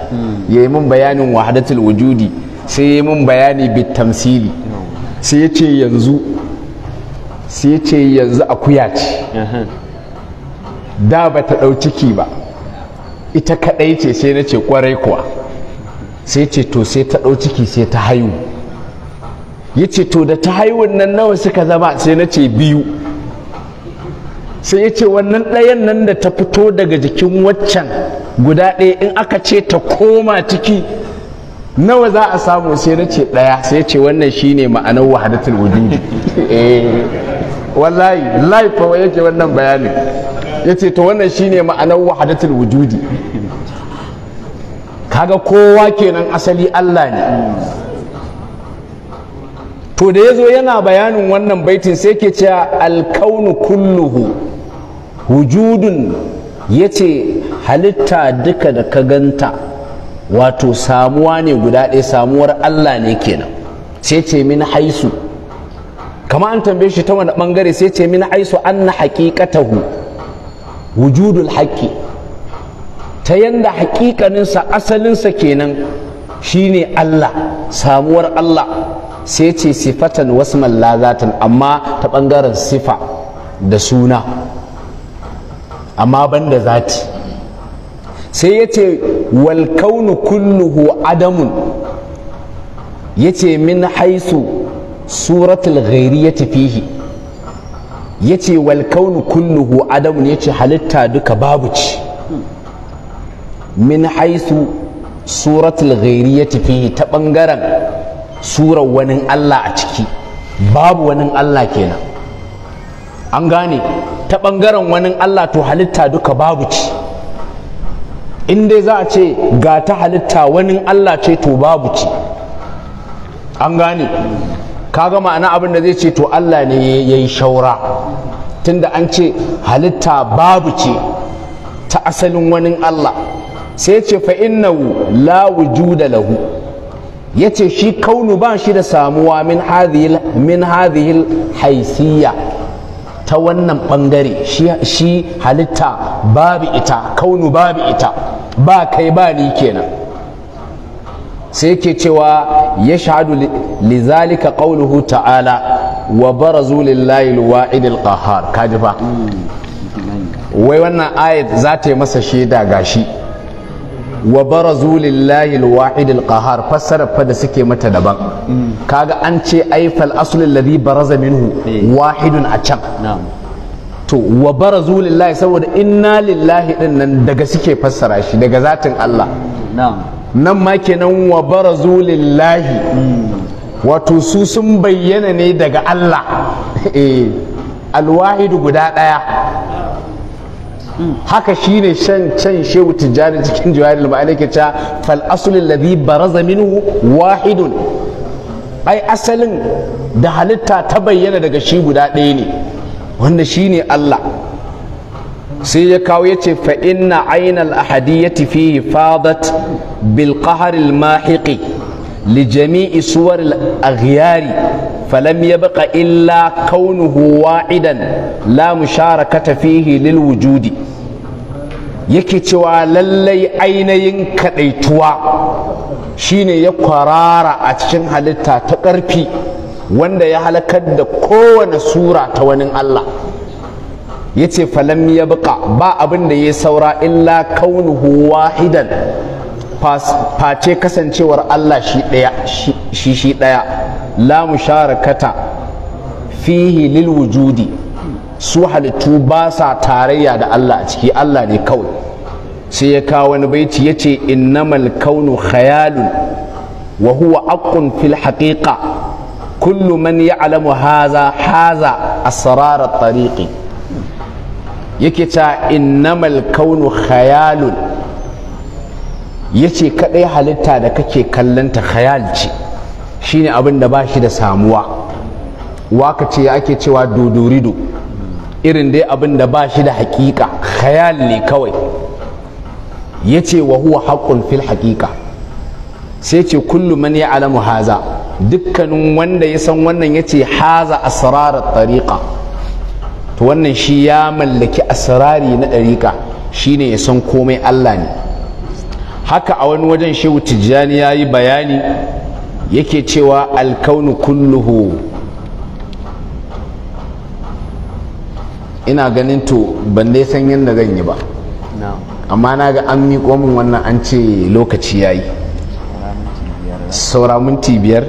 ya yi min bayanin wahadatul wujudi sai ya mun bayani tamsili sai ya ce yanzu sai ya ce yanzu akuya ce da ba ta ɗau ciki ba ita kaɗai ce sai na ce kwarai kuwa sai ce to sai ta ɗau ciki sai ta haihu ya ce to da ta hayu nan nawa suka zama sai na ce biyu sai ya ce wannan ɗayan nan da ta fito daga jikin waccan guda ɗaya in aka ce ta koma ciki nawa za a samu sai na ce ɗaya sai ce wannan shine ma'anar wahadatul wujudi (laughs) eh, wallahi live fa yake wannan bayanin ce to wannan shine ma'anar wahadatul wujudi kaga kowa kenan asali Allah ne to da ya zo yana bayanin wannan baitin sai ke cewa alkaunu kulluhu wujudun ce halitta duka da ka ganta wato samuwa ne guda ɗaya samuwar Allah ne kenan sai ce min haisu kama an tambaye shi ta wani ɓangare sai ce min haisu an na haƙiƙatahu wujudul haƙƙi ta yanda haƙiƙaninsa asalinsa kenan shine Allah samuwar Allah sai ce sifatan wasman lazatan amma ta bangaren sifa da suna amma banda zati sai ya ce Walkaunu kaunu kulluhu adamun ce min haisu suratul ghairiyati fihi yace wal kaunu kulluhu adamun yace halitta duka babu ci min haisu suratul ghairiyati fihi ta bangaren surar wani Allah a ciki babu wani Allah kenan an gane ta bangaren wani Allah to halitta duka babu ci in dai za a ce ga ta halitta wani Allah ce to babu ci an gane kaga ma'ana abin da zai ce to Allah ne ya yi shaura tunda an ce halitta babu ce ta asalin wani Allah sai ce fa innahu la wujuda lahu ce shi kaunu ba shi da samuwa min hadhihi min haisiyya ta wannan ɓangare shi halitta babu ita kaunu babu ita ba kai ba ni kenan sai yake cewa ya shahadu lizalika qauluhu ta'ala wa barazu lillahi alwa'id alqahhar kaji fa hmm. wai wannan ayat za ta yi masa shaida gashi wa barazu lillahi alwahid alqahar fassara fa da suke mata daban kaga an ce ai fal asl alladhi baraza minhu wahidun a can to wa barazu lillahi saboda inna lillahi din nan daga suke fassara shi daga zatin Allah nan ma kenan wa barazu lillahi hmm. wato su sun bayyana ne daga Allah (laughs) eh, alwahidu guda ɗaya haka shine shan can shehu tijjani cikin jawahirin ma'ana ke cewa fal asul alladhi baraza minhu wahidun ai asalin da halitta ta bayyana daga shi guda ɗaya ne wanda shine Allah sai ya kawo ya ce fa inna ainal ahadiyati fihi fadat bil qahr al mahiqi li jami'i suwar al aghyari فلم يبق إلا كونه واعدا لا مشاركة فيه للوجود yake cewa lallai ainihin kaɗaituwa shine ya kwarara a cikin halitta ta ƙarfi wanda ya halakar da kowane sura ta wani Allah ya ce falam ya buka ba abinda da ya saura illa kaunuhu wahidan face kasancewar Allah shi shi ɗaya la musharakata fihi lil wujudi su halittu ba sa tarayya da Allah a ciki Allah ne kawai sai ya kawo wani baiti ya ce innamal kaunu khayalun wa huwa aqun fil haqiqa kullu man ya'lamu haza haza asrar at-tariqi yake ta innamal kaunu khayalun yace kadai halitta da kake kallanta khayal ce shine abin da bashi da samuwa waka ce ake cewa dodorido irin dai abin da ba shi da hakika khayal ne kawai ya ce wa huwa haƙƙun fil hakika sai ce kullu man ya alamu haza dukkanin wanda ya san wannan ya ce haza asrarar tariƙa to wannan shi ya mallaki asrari na ɗariƙa shine ya san komai allah ne haka a wani wajen shehu tijjani ya yi bayani yake cewa alkaunu kulluhu ina ganin to ban dai san yadda zan yi ba amma na ga an miko min wannan an ce lokaci ya yi saura minti biyar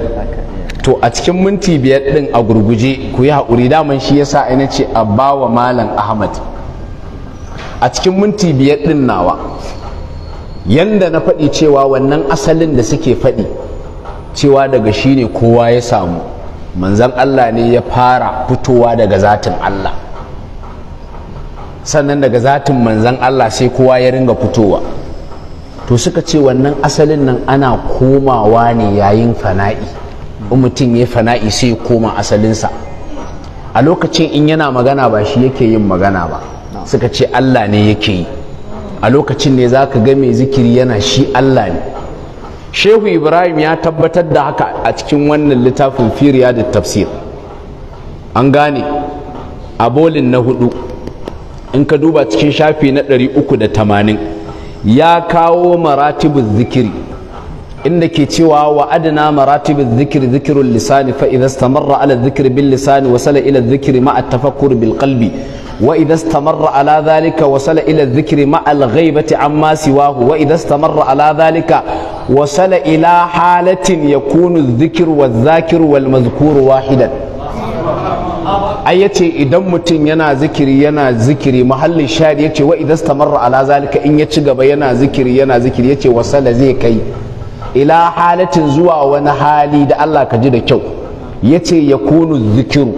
to a cikin minti biyar ɗin a gurguje ku yi haƙuri daman shi yasa ina ce a ba wa malam ahmad a cikin minti biyar ɗin nawa yanda na faɗi cewa wannan asalin da suke faɗi cewa daga shi ne kowa ya samu manzan allah ne ya fara fitowa daga zatin allah sannan daga zatin manzan Allah sai kowa ya ringa fitowa to suka ce wannan asalin nan ana komawa ne yayin fana'i in mutum ya fana'i sai ya koma asalinsa a lokacin in yana magana ba shi yake yin magana ba suka ce Allah ne yake yi a lokacin ne za ka ga mai zikiri yana shi Allah ne shehu ibrahim ya tabbatar da haka a cikin wannan littafin firiya da tafsir an gane a bolin na hudu in ka duba cikin shafi na ɗari uku da tamanin ya kawo maratibin zikiri inda ke cewa wa adana maratibin zikiri zikirin lisani fa idan stamarra ala bin lisani wasala ila zikiri ma a tafakkur bil kalbi, wa idan stamarra ala wasala ila zikiri ma al ghaibati amma siwahu wa idan stamarra ala wasala ila halatin yakunu zikir wa zakir wal ai yace idan mutum yana zikiri yana zikiri mahallin shahid yace wa idan stamarra ala zalika in ya ci gaba yana zikiri yana zikiri yace wasala zai kai ila halatin zuwa wani hali da Allah ka ji da kyau yace yakunu zikiru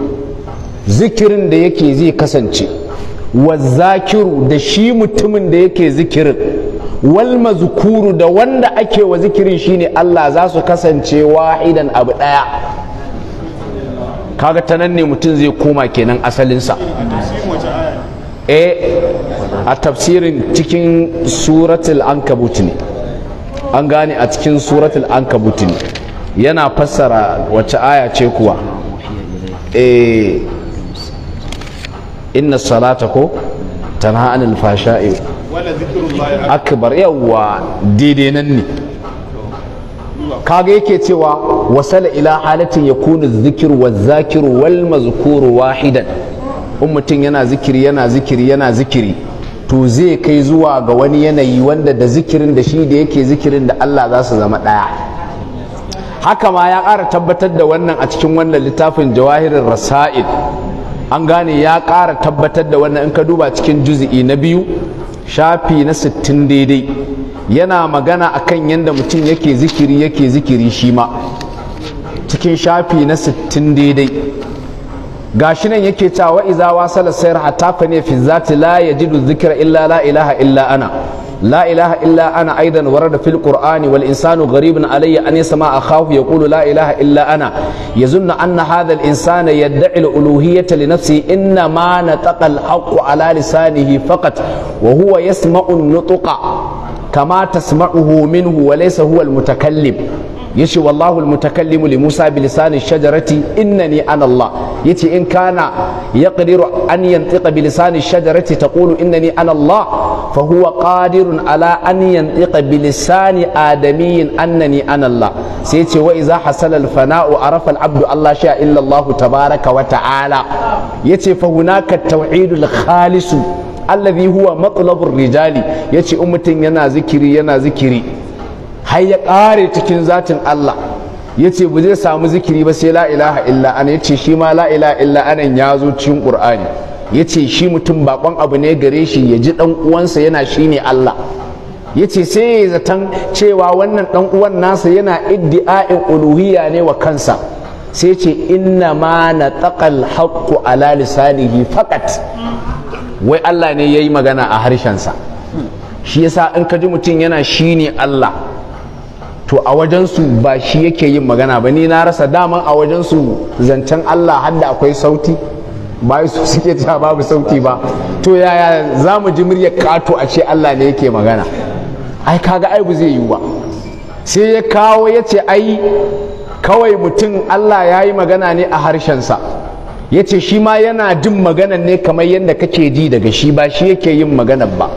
zikirin da yake zai kasance wa zakiru da shi mutumin da yake zikirin wal mazkuru da wanda ake wa zikirin shine Allah za su kasance wahidan abu daya kaga ta nan ne mutum zai koma kenan asalinsa eh a tafsirin cikin suratul ankabut ne an gane a cikin suratul ankabut ne yana fassara wace aya ce kuwa eh inna salata ko tana anil fasha'i akbar yawa daidai nan ne kaga yake cewa wasala ila halatin ya kunu zikir wa zakir wal mazkuru wahidan in mutum yana zikiri yana zikiri yana zikiri to zai kai zuwa ga wani yanayi wanda da zikirin da shi da yake zikirin da Allah za su zama ɗaya haka ma ya ƙara tabbatar da wannan a cikin wannan littafin jawahirin rasa'il an gane ya ƙara tabbatar da wannan in ka duba cikin juzi'i na biyu shafi na sittin daidai yana magana akan yadda mutum yake zikiri yake zikiri shi ma cikin shafi na 60 daidai gashi nan yake ta wa iza wasala sayar hatta fa ne fi zati la yajidu zikra illa la ilaha illa ana la ilaha illa ana aidan warada fil qur'ani wal insanu gharibun alayya an yasma kahu ya la ilaha illa ana yazunnu anna hadha al insana yad'i il uluhiyyata li nafsi inna ma nataqa al haqq ala lisanihi faqat wa huwa yasma'u an kama tasma'uhu minhu wa laysa huwa almutakallim yace wallahu almutakallimu li Musa bi lisani shajarati innani ana Allah yace in kana yaqdiru an yantiqa bi lisani shajarati taqulu innani ana Allah fa huwa qadirun ala an yantiqa bi lisani adamiyyin annani ana Allah sai yace wa idza hasala alfana'u arafa abdu Allah sha illa tabaraka wa ta'ala yace fa hunaka at-tauhidul khalisu allazi huwa matlabur rijali yace in mutum yana zikiri yana zikiri har ya ƙare cikin zatin Allah yace ba zai samu zikiri ba sai la ilaha illa ana yace shi ma la ilaha illa ya zo cikin qur'ani yace shi mutum bakon abu ne gare shi ya ji dan uwansa yana shine Allah yace sai ya zaton cewa wannan dan uwan nasa yana iddi'a'in uluhiyya ne wa kansa sai ce inna ma na taƙal haƙƙu ala lisanihi fakat wai Allah ne ya yi magana a harshensa shi yasa in ka ji mutum yana shi ne Allah to a wajensu ba shi yake yin magana ba ni na rasa daman a wajensu zancen Allah hadda akwai sauti ba su suke cewa babu sauti ba to yaya za mu ji muryar kato a ce Allah ne yake magana ai kaga ai zai yi ba sai ya kawo ya ce ai kawai mutum Allah ya yi magana ne a harshensa ya ce shi ma yana jin maganan ne kamar yadda kake ji daga shi ba shi yake yin magana ba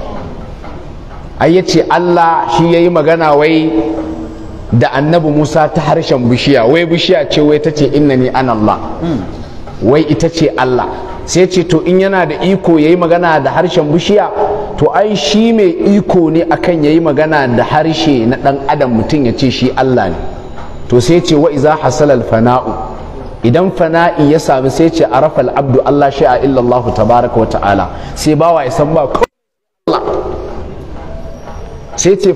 ai ya ce allah shi ya yi magana wai da annabi musa ta harshen bishiya wai bishiya ce wai ta ce ni an allah wai ita ce allah sai ce to in yana da iko ya yi magana da harshen bishiya to ai shi mai iko ne akan ya yi magana da harshe na ɗan adam mutum ya ce shi allah ne to sai ce wa iza hasalal fana'u idan fana'i ya sami sai ce arafal abdu Allah sha'a illallahu tabaraka wa ta'ala sai ba wa san ba Allah sai ce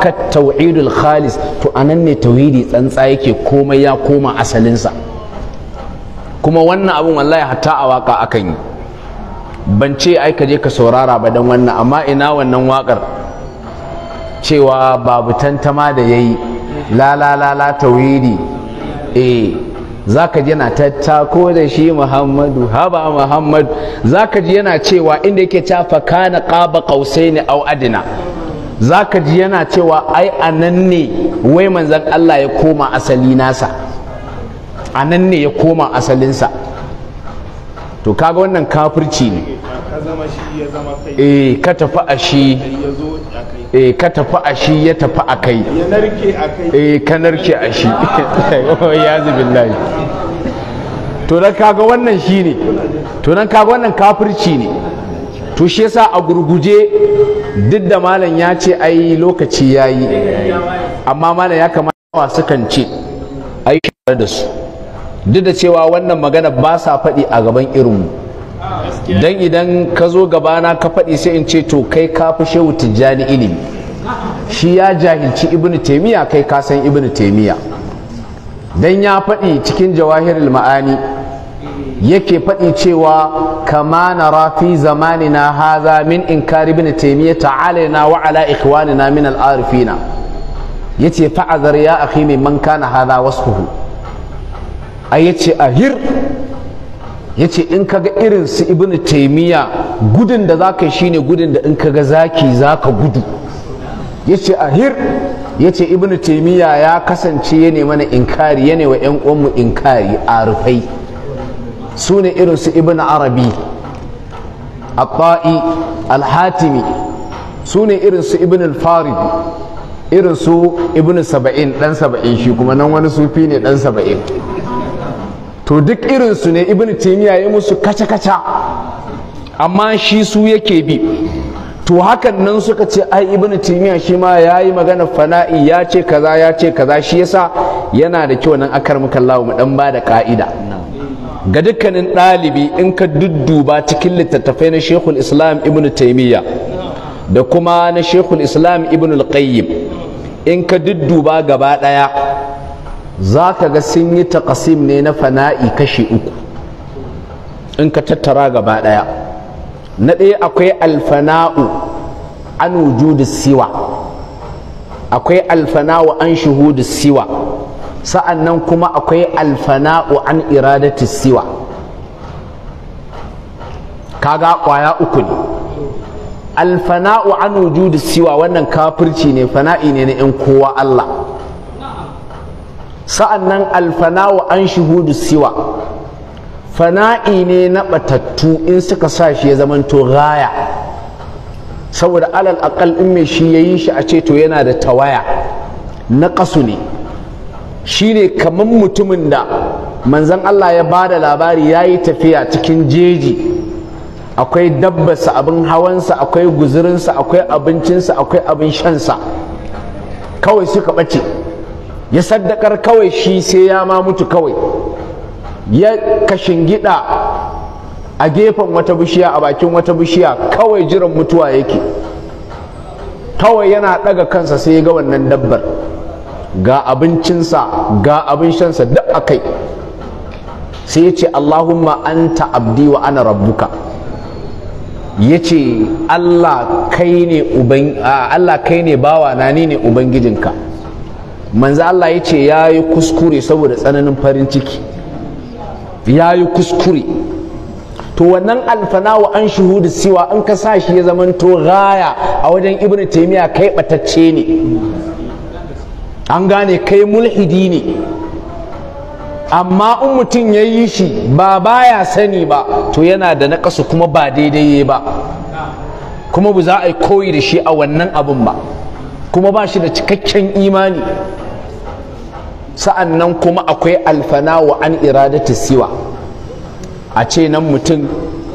ka tauhidul khalis to anan ne tauhidi tsantsa yake komai ya koma asalinsa kuma wannan abun wallahi hata a waka akan yi ban ce ai ka je ka saurara ba dan wannan amma ina wannan wakar cewa babu tantama da yayi la la la la tauhidi eh za ka ji yana tattako da shi muhammadu haba muhammadu za ka ji yana cewa inda yake cafa kana ƙaba ƙausai ne au adina za ka ji yana cewa ai a nan ne wai manzan Allah ya koma asali nasa a nan ne ya koma asalinsa to kaga wannan kafirci ne eh ka tafi a shi e ka tafi a shi ya tafi a kai e ka narke a shi (laughs) ya zubin layi to nan kaga wannan shi ne to nan kaga wannan kafirci ne to shi yasa a gurguje duk da malam ya ce ai lokaci ya yi amma malam ya kamata kan ce ai tare da su duk da cewa wannan magana ba sa faɗi a gaban irinmu dan idan ka zo gabana ka faɗi sai in ce to kai ka fi shehu tijjani ilimi shi ya jahilci ibnu taimiyya kai ka san ibnu taimiyya Dan ya faɗi cikin jawahirul ma'ani yake faɗi cewa kama na rafi zamanina haza min inkari ibnu taimiyya ta'alaina wa ala ikhwanina min al'arifina yace fa'azar ya akhi min man kana hadha wasfuhu ayace ahir ya ce in kaga irin su ibn taimiyya gudun da za ka shine gudun da in kaga zaki za ka gudu ya ce hir ya ce ibn taimiyya ya kasance ya ne mana inkari ya ne wa 'yan uwanmu inkari a rufai su ne irin su ibn arabi abba'i alhatimi su ne irin su ibn farid irin su ibn saba'in dan saba'in shi kuma nan wani sufi ne dan saba'in to duk irinsu ne ibn taymiya ya musu kaca-kaca amma shi su yake bi to hakan nan suka ce ai ibn taymiya shi ma yi magana fana'i ya ce kaza ya ce kaza shi yasa yana da kyau nan akar muka mu dan ba da ka'ida ga dukkanin ɗalibi in ka dudduba cikin littattafai na shekul islam ibn taymiya da kuma na shekul islam ibn al in ka dudduba gaba ɗaya za ka ga sun yi taƙasim ne na fana'i kashi uku in ka tattara gaba ɗaya na ɗaya akwai alfana'u an wujudu siwa akwai alfana'u an shuhudu siwa sa'an nan kuma akwai alfana'u an iradatu siwa kaga ƙwaya uku ne alfana'u an wujudu siwa wannan kafirci ne fana'i ne na 'yan kowa Allah sa'annan alfana wa an shuhudu siwa fana'i ne na batattu in suka sa shi ya zamanto gaya saboda alal akal in mai shi ya yi shi a ce to yana da tawaya na kasu ne shi ne kamar mutumin da manzan Allah ya ba da labari ya yi tafiya cikin jeji akwai dabbarsa abin hawansa akwai guzurinsa akwai abincinsa akwai abin shansa kawai suka ɓace ya saddakar kawai shi sai ya ma mutu kawai ya kashin gida a gefen wata bishiya a bakin wata bishiya kawai jiran mutuwa yake kawai yana ɗaga kansa sai ya ga wannan dabbar ga abincinsa ga abin shansa duk a kai sai ya ce allahumma anta abdi wa ana rabbuka ya ce allah kai ne bawa na ni ne ubangijinka manzo Allah ya ce ya yi kuskure saboda tsananin farin ciki ya yi kuskure to wannan alfana wa an shuhudu siwa an ka sa shi ya zamanto gaya a wajen ibn taymiya kai batacce ne an gane kai mulhidi ne amma in mutum ya yi shi ba baya sani ba to yana da naƙasu kuma ba daidai ba kuma ba za a yi koyi da shi a wannan abin ba kuma ba shi da cikakken imani sa'an nan kuma akwai alfana wa an iradata siwa a ce nan mutum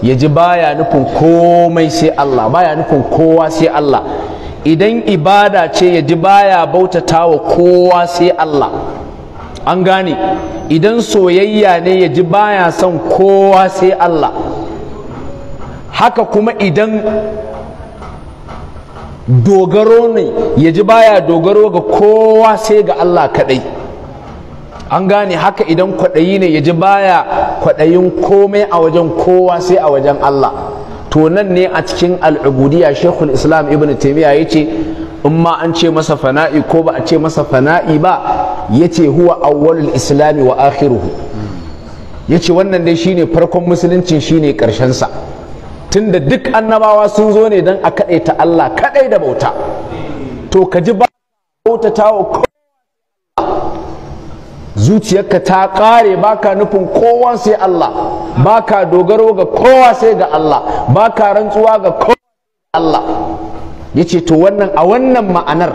ya ji baya nufin komai sai Allah baya nufin kowa sai Allah idan ibada ce ya ji baya bautata wa kowa sai Allah an gane idan soyayya ne ya ji baya son kowa sai Allah haka kuma idan dogaro ne ya ji baya dogaro ga kowa sai ga Allah kaɗai an gane haka idan kwaɗayi ne ya ji baya kwaɗayin komai a wajen kowa sai a wajen Allah to nan ne a cikin al'ubudiyya shekul islam ibn taimiyya ya ce in ma an ce masa fana'i ko ba a ce masa fana'i ba ya ce huwa awwalul islami wa akhiruhu ya ce wannan dai shine farkon musulunci shine karshensa tunda duk annabawa sun zo ne don a kaɗaita Allah kaɗai da bauta to ka ji ba bautata wa zuciyarka ta ƙare baka nufin kowa sai Allah baka dogaro ga kowa sai ga Allah baka rantsuwa ga kowa Allah yace to wannan a wannan ma'anar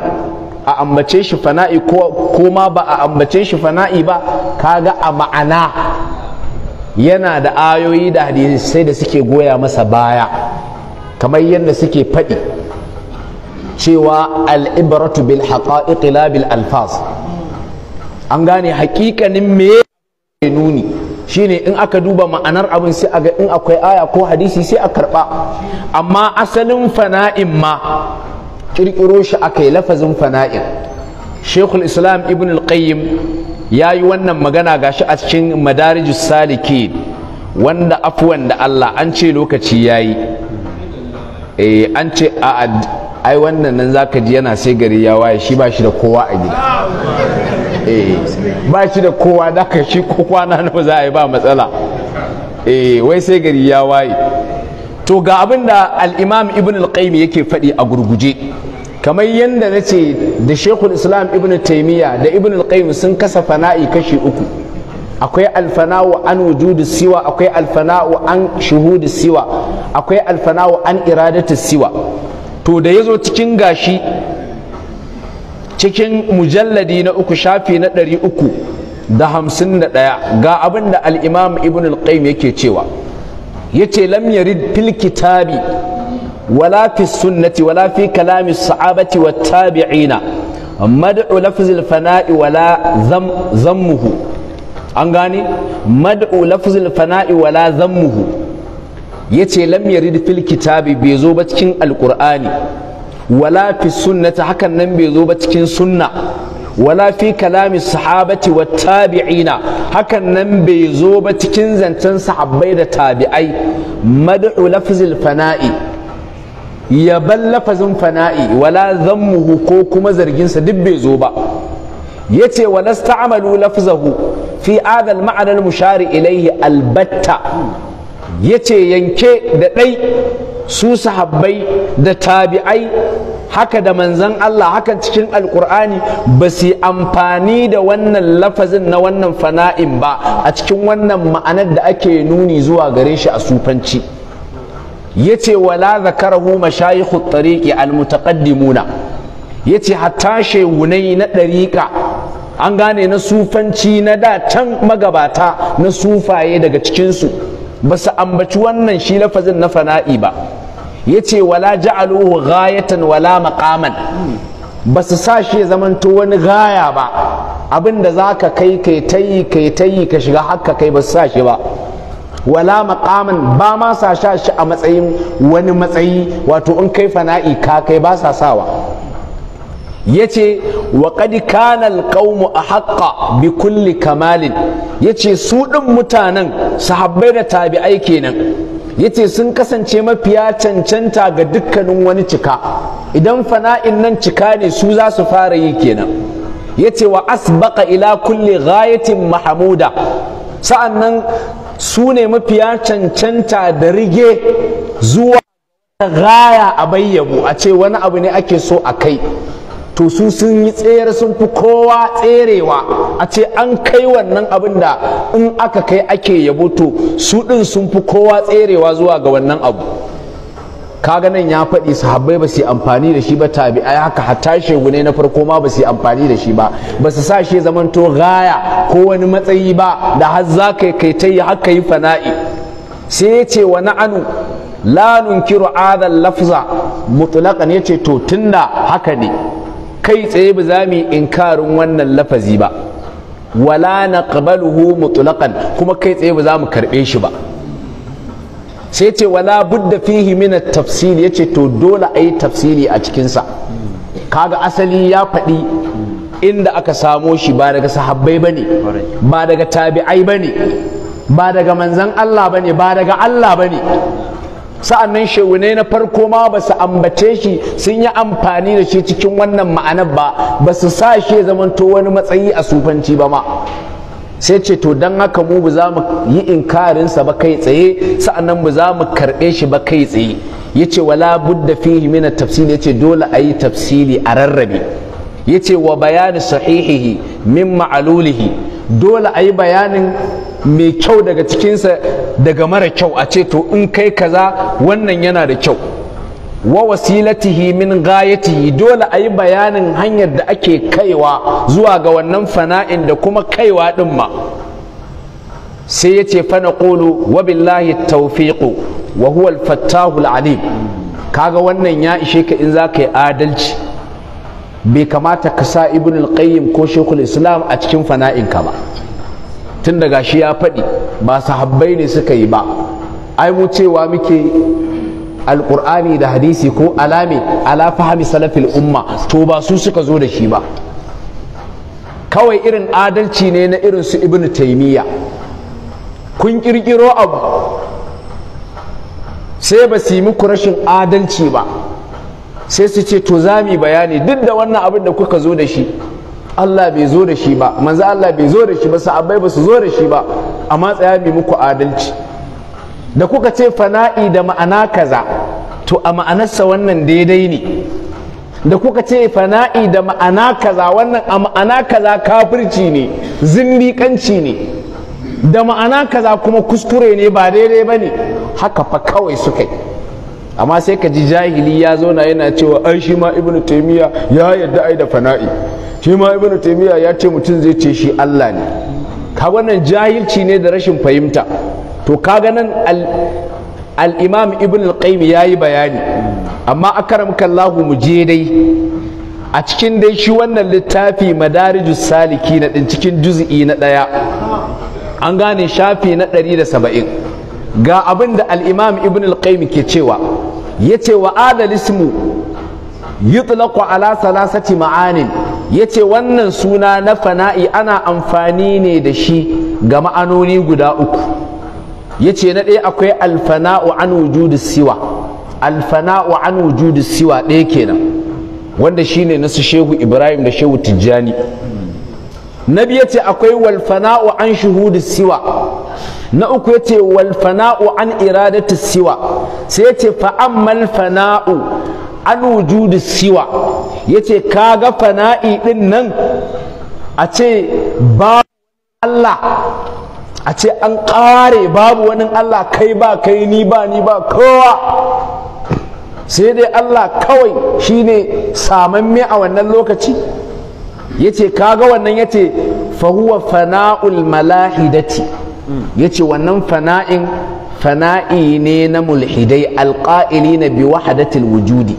a ambace shi fana'i ko ba a ambace shi fana'i ba kaga a ma'ana yana da ayoyi da hadisai da suke goya masa baya kamar yadda suke faɗi cewa al'ibratu bil haqa'iqi la bil alfaz an gane hakikanin me ya nuni shine in aka duba ma'anar abin sai a ga in akwai aya ko hadisi sai a karba amma asalin fana'in ma ƙirƙiro shi yi lafazin fana'in shekul islam ibn al ya yi wannan magana ga shi a cikin madarijus saliki wanda afuwan da Allah an ce lokaci ya yi eh, an ce a ai wannan nan zaka ji yana sai gari ya waye shi ba shi da kowa a gida Eh. ba shi da kowa da aka shi ko kwana nawa za a yi ba matsala eh wai sai gari ya waye to ga abin da al-imam ibn al-qayyim yake faɗi a gurguje kamar yadda na ce da shekul islam ibn taimiyya da ibn al-qayyim sun kasa fana'i kashi uku akwai alfana'u an wujudu siwa akwai alfana'u an shuhudu siwa akwai alfana'u an iradatu siwa to da ya zo cikin gashi cikin mujalladi na uku shafi na ɗari uku da hamsin da ɗaya ga abin da al'imam ibn al-qaim yake cewa ya ce lam yarid fil kitabi wala fi sunnati wala fi kalami sa'abati wa tabi'ina mad'u lafzil fana'i wala zammuhu an gane mad'u lafzil fana'i wala zammuhu yace lam yarid fil kitabi bai zo ba cikin Al'ƙur'ani. wala fi sunnati hakan nan bai zo ba cikin sunna wala fi kalami sahabati wa tabi'ina hakan nan bai zo ba cikin zancen sahabbai da tabi'ai mad'u lafzil fana'i yaban lafazin fana'i wala zammuhu ko kuma zarginsa duk bai zo ba yace wala sta'malu lafzahu fi adal ma'anar mushari ilaihi albatta yace yanke da ɗai su sahabbai da tabi'ai haka da manzan Allah haka cikin alkur'ani ba su amfani da wannan lafazin na wannan fana'in ba a cikin wannan ma'anar da ake nuni zuwa gare shi a sufanci yace wala zakarahu mashayikhu tariqi almutaqaddimuna yace hatta shehunai na ɗariƙa an gane na sufanci na da can magabata na sufaye daga cikinsu ba su ambaci wannan shi lafazin na fana'i ba ya ce wala ja'aluhu ghayatan wala maqaman ba su sa shi ya zamanto wani gaya ba abin da za ka kai kai ta kai ka shiga haka kai ba su sa shi ba wala maqaman ba ma sa sha shi a matsayin wani matsayi wato in kai fana'i ka kai ba sa sawa yace wa qad kana a ahqqa bi kulli kamalin yace su ɗin mutanen sahabbai da tabi'ai kenan yace sun kasance mafiya cancanta ga dukkanin wani cika idan fana'in nan cika ne su za su fara yi kenan yace wa asbaqa ila kulli ghayatin mahmuda sa'annan su ne mafiya cancanta da rige zuwa gaya a bayyabu a ce wani abu ne ake so a kai to su sun yi tsere sun fi kowa tserewa a ce an kai wannan abin da in aka kai ake yabo to su ɗin sun fi kowa tserewa zuwa ga wannan abu kaga nan ya faɗi sahabbai ba su amfani da shi ba ai haka hatta ne na farko ma ba su amfani da shi ba ba su sa shi to gaya ko wani matsayi ba da har za ka kai ta yi haka yi fana'i sai ya ce wani anu la nunkiru adal lafza mutlaqan yace to tunda haka ne kai tsaye ba za mu inkarin wannan lafazi ba wala na naqbaluhu mutlaqan kuma kai tsaye ba za mu karɓe shi ba sai ce wala budda fihi min at-tafsil yace to dole ayi tafsili a cikinsa. sa kaga asali ya faɗi inda aka samo shi ba daga sahabbai bane ba daga tabi'ai bane ba daga manzan Allah bane ba daga Allah bane nan shehunai na farko ma ba su ambace shi sun yi amfani da shi cikin wannan ma'anar ba ba su sa shi zamanto wani matsayi a sufanci ba ma sai ce to don haka mu ba za mu yi inkarinsa ba kai tsaye sa'annan ba za mu karɓe shi ba kai tsaye ya ce wala budda fihi mina tafsiri ya ce dole a yi tafsili a rarrabe ya ce wa bayani sahihihi min ma'alulihi dole a yi bayanin mai kyau daga cikinsa daga mara kyau a ce to in kai kaza wannan yana da kyau wa wasilatihi min gayatihi dole a yi bayanin hanyar da ake kaiwa zuwa ga wannan fana'in da kuma kaiwa ɗin ma sai ya ce fana ƙolo wa billahi taufiƙo wa huwa alfattahu alim kaga wannan ya ishe ka in za ka yi adalci bai kamata ka sa ibn al ko shekul islam a cikin fana'inka ba tun daga shi ya faɗi ba su habbai ne suka yi ba ai mu cewa muke alƙur'ani da hadisi ko alame ala fahami salafil umma to ba su suka zo da shi ba kawai irin adalci ne na irin su ibnu taimiyya kun ƙirƙiro abu sai ba su yi muku rashin adalci ba sai su ce to za mu yi bayani duk da wannan abin da kuka zo da shi Allah bai zo da shi ba manzo Allah bai zo da shi ba sahabbai ba su zo da shi ba amma tsaya mai muku adalci da kuka ce fana'i da ma'ana kaza to a ma'anarsa wannan daidai ne da kuka ce fana'i da ma'ana kaza wannan a ma'ana kaza kafirci ne zindiƙanci ne da ma'ana kaza kuma kuskure ne ba daidai ba ne haka fa kawai suka yi amma sai ka ji jahili ya zo na yana cewa ai shi ma ibnu taymiya ya yadda ai da fana'i shi ma ibnu taymiya ya ce mutum zai ce shi Allah ne ka wannan jahilci ne da rashin fahimta to kaga nan al-imam ibn al-qayyim yayi bayani amma akaramka muje mu je dai a cikin dai shi wannan littafi madariju saliki na ɗin cikin juz'i na ɗaya. an gane shafi na 170 ga abin da al-imam ibn al-qayyim ke cewa yace wa adal ismu yutlaqu ala salasati ma'anin Yace wannan suna na fana'i ana amfani ne da shi ga ma'anoni guda uku Yace ce na ɗaya akwai alfana'u an wujudu siwa alfana'u an wujudu siwa ɗaya kenan wanda shine nasu shehu ibrahim da shehu tijjani na biyu ce akwai walfana'u an shuhudu siwa na uku ya ce walfana'u an iradatu siwa sai ya ce fa'ammal an wujudu siwa ya yace kaga fana'i ɗin nan a ce ba Allah a ce an ƙare babu wani Allah kai ba kai ni ba ni ba kowa sai dai Allah kawai shine samamme a wannan lokaci Ya ka kaga wannan ya ce, fahuwa fana'ul malahidati ce wannan fana'in fana'i ne na mulhidai alƙa'ili na bi wahadatil wujudi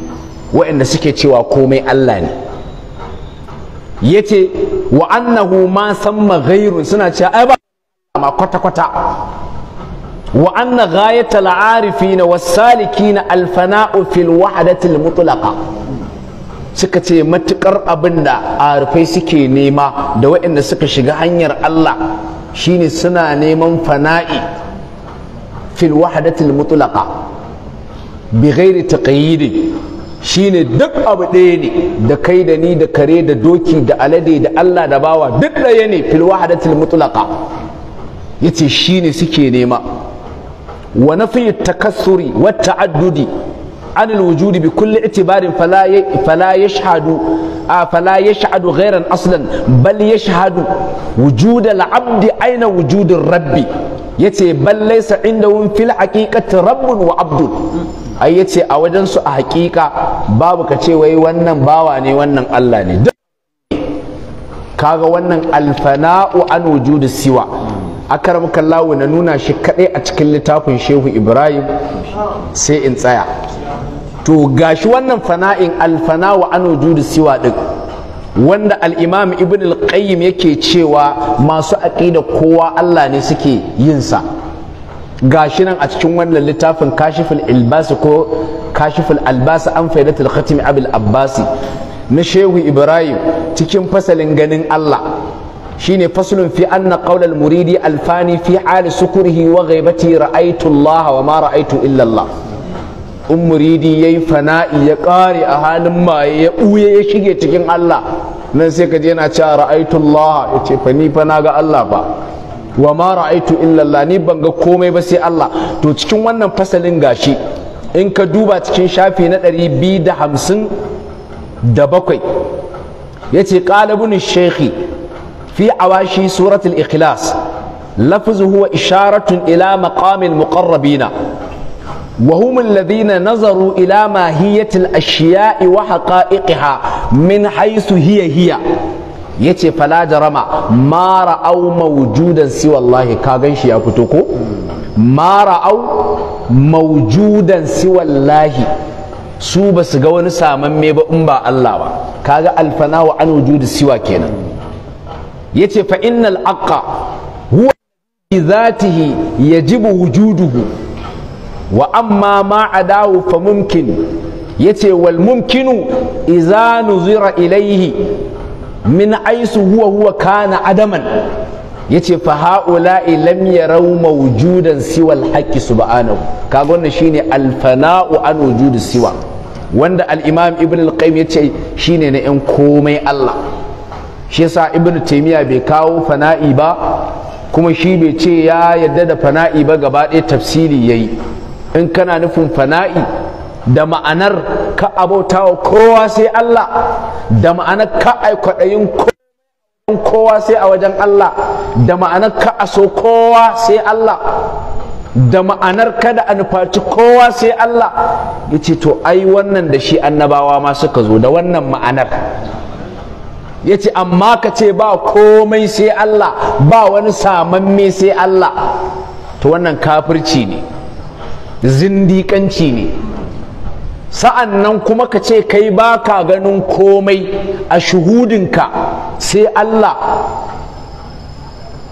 waɗanda suke cewa komai Allah ne yace wa annahu ma san ghairun suna cewa ai ba ma kwata kwata wa anna ghayata al-arifina was-salikina al-fana'u fil wahdati al-mutlaqa suka ce matukar abinda arifai suke nema da waɗanda suka shiga hanyar Allah shine suna neman fana'i fil wahdati al-mutlaqa bi ghairi taqyid shine duk abu ɗaya ne da kai da ni da kare da doki da alade da Allah da bawa duk ɗaya ne fil Ya ce shi ne suke nema wa nafi takassuri wa ta'addudi an alwujudi bi kulli itibarin fala ya yashhadu a fala yashhadu ghairan aslan bal ya wujud al-abd aina wujudin rabbi yace bal laysa indahum fil haqiqati rabbun wa abdun ai yace a wajen su a hakika babu ka ce wai wannan bawa ne wannan Allah ne kaga wannan alfana'u an wujudu siwa akaramka lawo na nuna shi kadai a cikin littafin shehu ibrahim sai in tsaya to gashi wannan fana'in alfana'u an wujudu siwa din wanda al-imam ibn al-qayyim yake cewa masu aƙida kowa Allah ne suke yin sa gashi nan a cikin wannan littafin kashiful albasi ko kashiful albasi an faidatul khatimi abul abbasi na shehu ibrahim cikin fasalin ganin allah shine faslun fi anna qawlal muridi alfani fi hali sukurihi wa ghaibati ra'aytu allah wa ma ra'aytu illa allah in muridi yayi fana'i ya kare a halin maye ya buye ya shige cikin allah nan sai ka je yana cewa ra'aytu allah yace fa ni fa allah ba wa ma ra'aitu illallah ni ban ga komai ba sai Allah to cikin wannan fasalin gashi in ka duba cikin shafi na ɗari biyu da hamsin da bakwai ya ce ƙalibin shekhi fi awashi suratul ikhlas lafuzu huwa isharatun ila maqamil muqarrabina وهم الذين نظروا إلى ماهية الأشياء وحقائقها من حيث هي هي yace fala jarama mara au mawjudan si wallahi ka ganshi ya fito ko ma ra'au si wallahi su ba su ga wani samamme ba in ba Allah ba kaga alfana wa an wujudi siwa kenan yace fa innal aqqa huwa bi zatihi yajibu wujuduhu wa amma ma adahu fa mumkin yace wal mumkinu idza nuzira ilayhi min aisu huwa huwa kana adaman yace fa haula'i lam yaraw mawjudan siwa al subhanahu kaga wannan shine al an wujudi siwa wanda al-imam ibn al-qayyim yace shine na yan komai Allah shi yasa ibn taymiya bai kawo fana'i ba kuma shi bai ce ya yadda da fana'i ba gaba ɗaya tafsiri yayi in kana nufin fana'i da ma'anar ka wa kowa sai Allah da ma'anar ka ai kwaɗayin kowa sai a wajen Allah da ma'anar ka a so kowa sai Allah da ma'anar kada a nufaci kowa sai Allah ya ce to ai wannan da shi annabawa ma suka zo da wannan ma'anar ya ce amma ka ce ba komai sai Allah ba wani samamme sai Allah to wannan kafirci ne zindiƙanci ne sa'an nan kuma ka ce kai ba ka ganin komai a shuhudinka sai Allah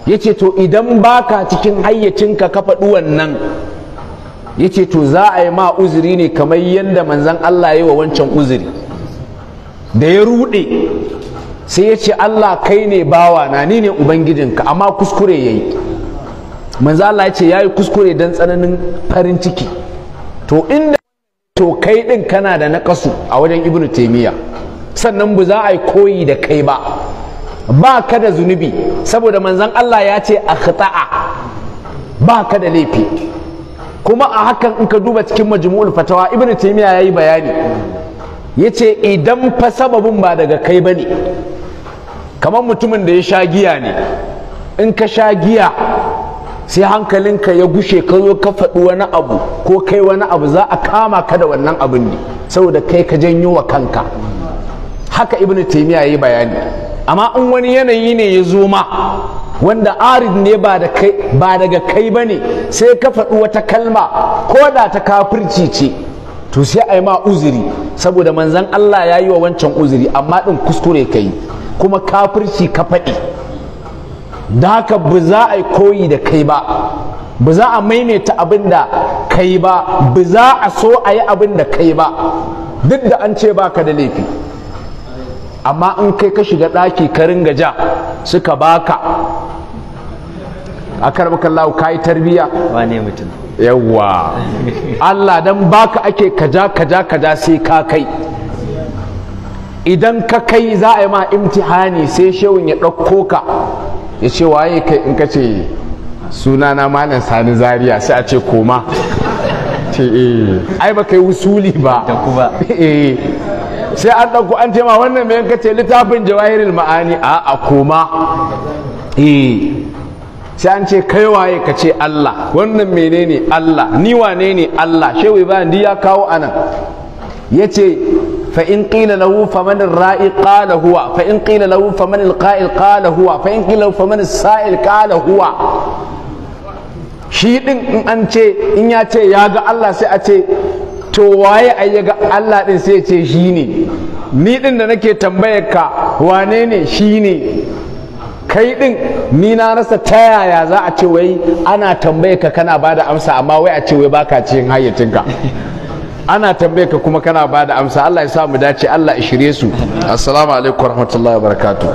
ya ce to idan ba ka cikin hayyacinka ka faɗi wannan ya ce to za a yi ma uzuri ne kamar yadda manzan Allah ya yi wa wancan uzuri da ya ruɗe sai ya ce Allah kai ne bawa na ni ne ubangijinka amma kuskure ya yi manzan Allah ya ce ya yi kuskure don tsananin farin ciki to inda to kai din kana da naƙasu a wajen ibnu taimiyya sannan ba za a yi koyi da kai ba ba ka da zunubi saboda manzan Allah ya ce a khata'a ba ka da laifi kuma a hakan in ka duba cikin majmu'ul fatawa ibnu taimiyya yi bayani yace idan fa sababin ba daga kai bane kamar mutumin da ya sha giya ne in ka sha giya sai hankalinka ya gushe ka zo ka faɗi wani abu ko kai wani abu za a kama ka da wannan abin ne saboda kai ka janyo wa kanka haka ibn taimiya ya yi bayani amma in wani yanayi ne ya zo ma wanda arid ne ba daga kai ba ne sai ka faɗi wata kalma ko da ta kafirci ce to sai a yi ma uzuri saboda manzan allah ya yi wa wancan uzuri amma ɗin kuskure ka yi kuma kafirci ka faɗi da haka ba za a koyi da kai ba ba za a maimaita abin da kai ba ba za a so a yi abin da kai ba duk da an ce baka da laifi amma in kai ka shiga ɗaki ka ringa ja suka baka a karbakan lau ka yi tarbiya wane mutum yawwa Allah dan baka ake kaja kaja kaja sai ka kai idan ka kai za a yi ma imtihani sai shewun ya ɗauko ka ya ce waye kai in ka ce suna na malam sani zaria sai a ce koma ce eh ai ba kai usuli ba (laughs) eh sai an ɗauko an tema wannan mai yanka ce littafin jawahirul ma'ani a a koma eh sai an ce kai waye ka ce Allah wannan menene Allah ni wane ne Allah ba ibrahim ya kawo anan ya ce فإن قيل له فمن الرائي قال هو فإن قيل له فمن القائل قال هو فإن قيل له فمن السائل قال هو shi din in an ce in ya ce ya ga Allah sai a ce to waye a ya ga Allah din sai ce shi ne ni din da nake tambayar ka wane ne shi ne kai din ni na rasa ta yaya za a ce wai ana tambayar ka kana bada amsa amma wai a ce wai baka cikin hayyacinka ana tambaye ka kuma kana ba da amsa Allah ya sa mu dace Allah ya shirye su assalamu alaikum warahmatullahi wabarakatuh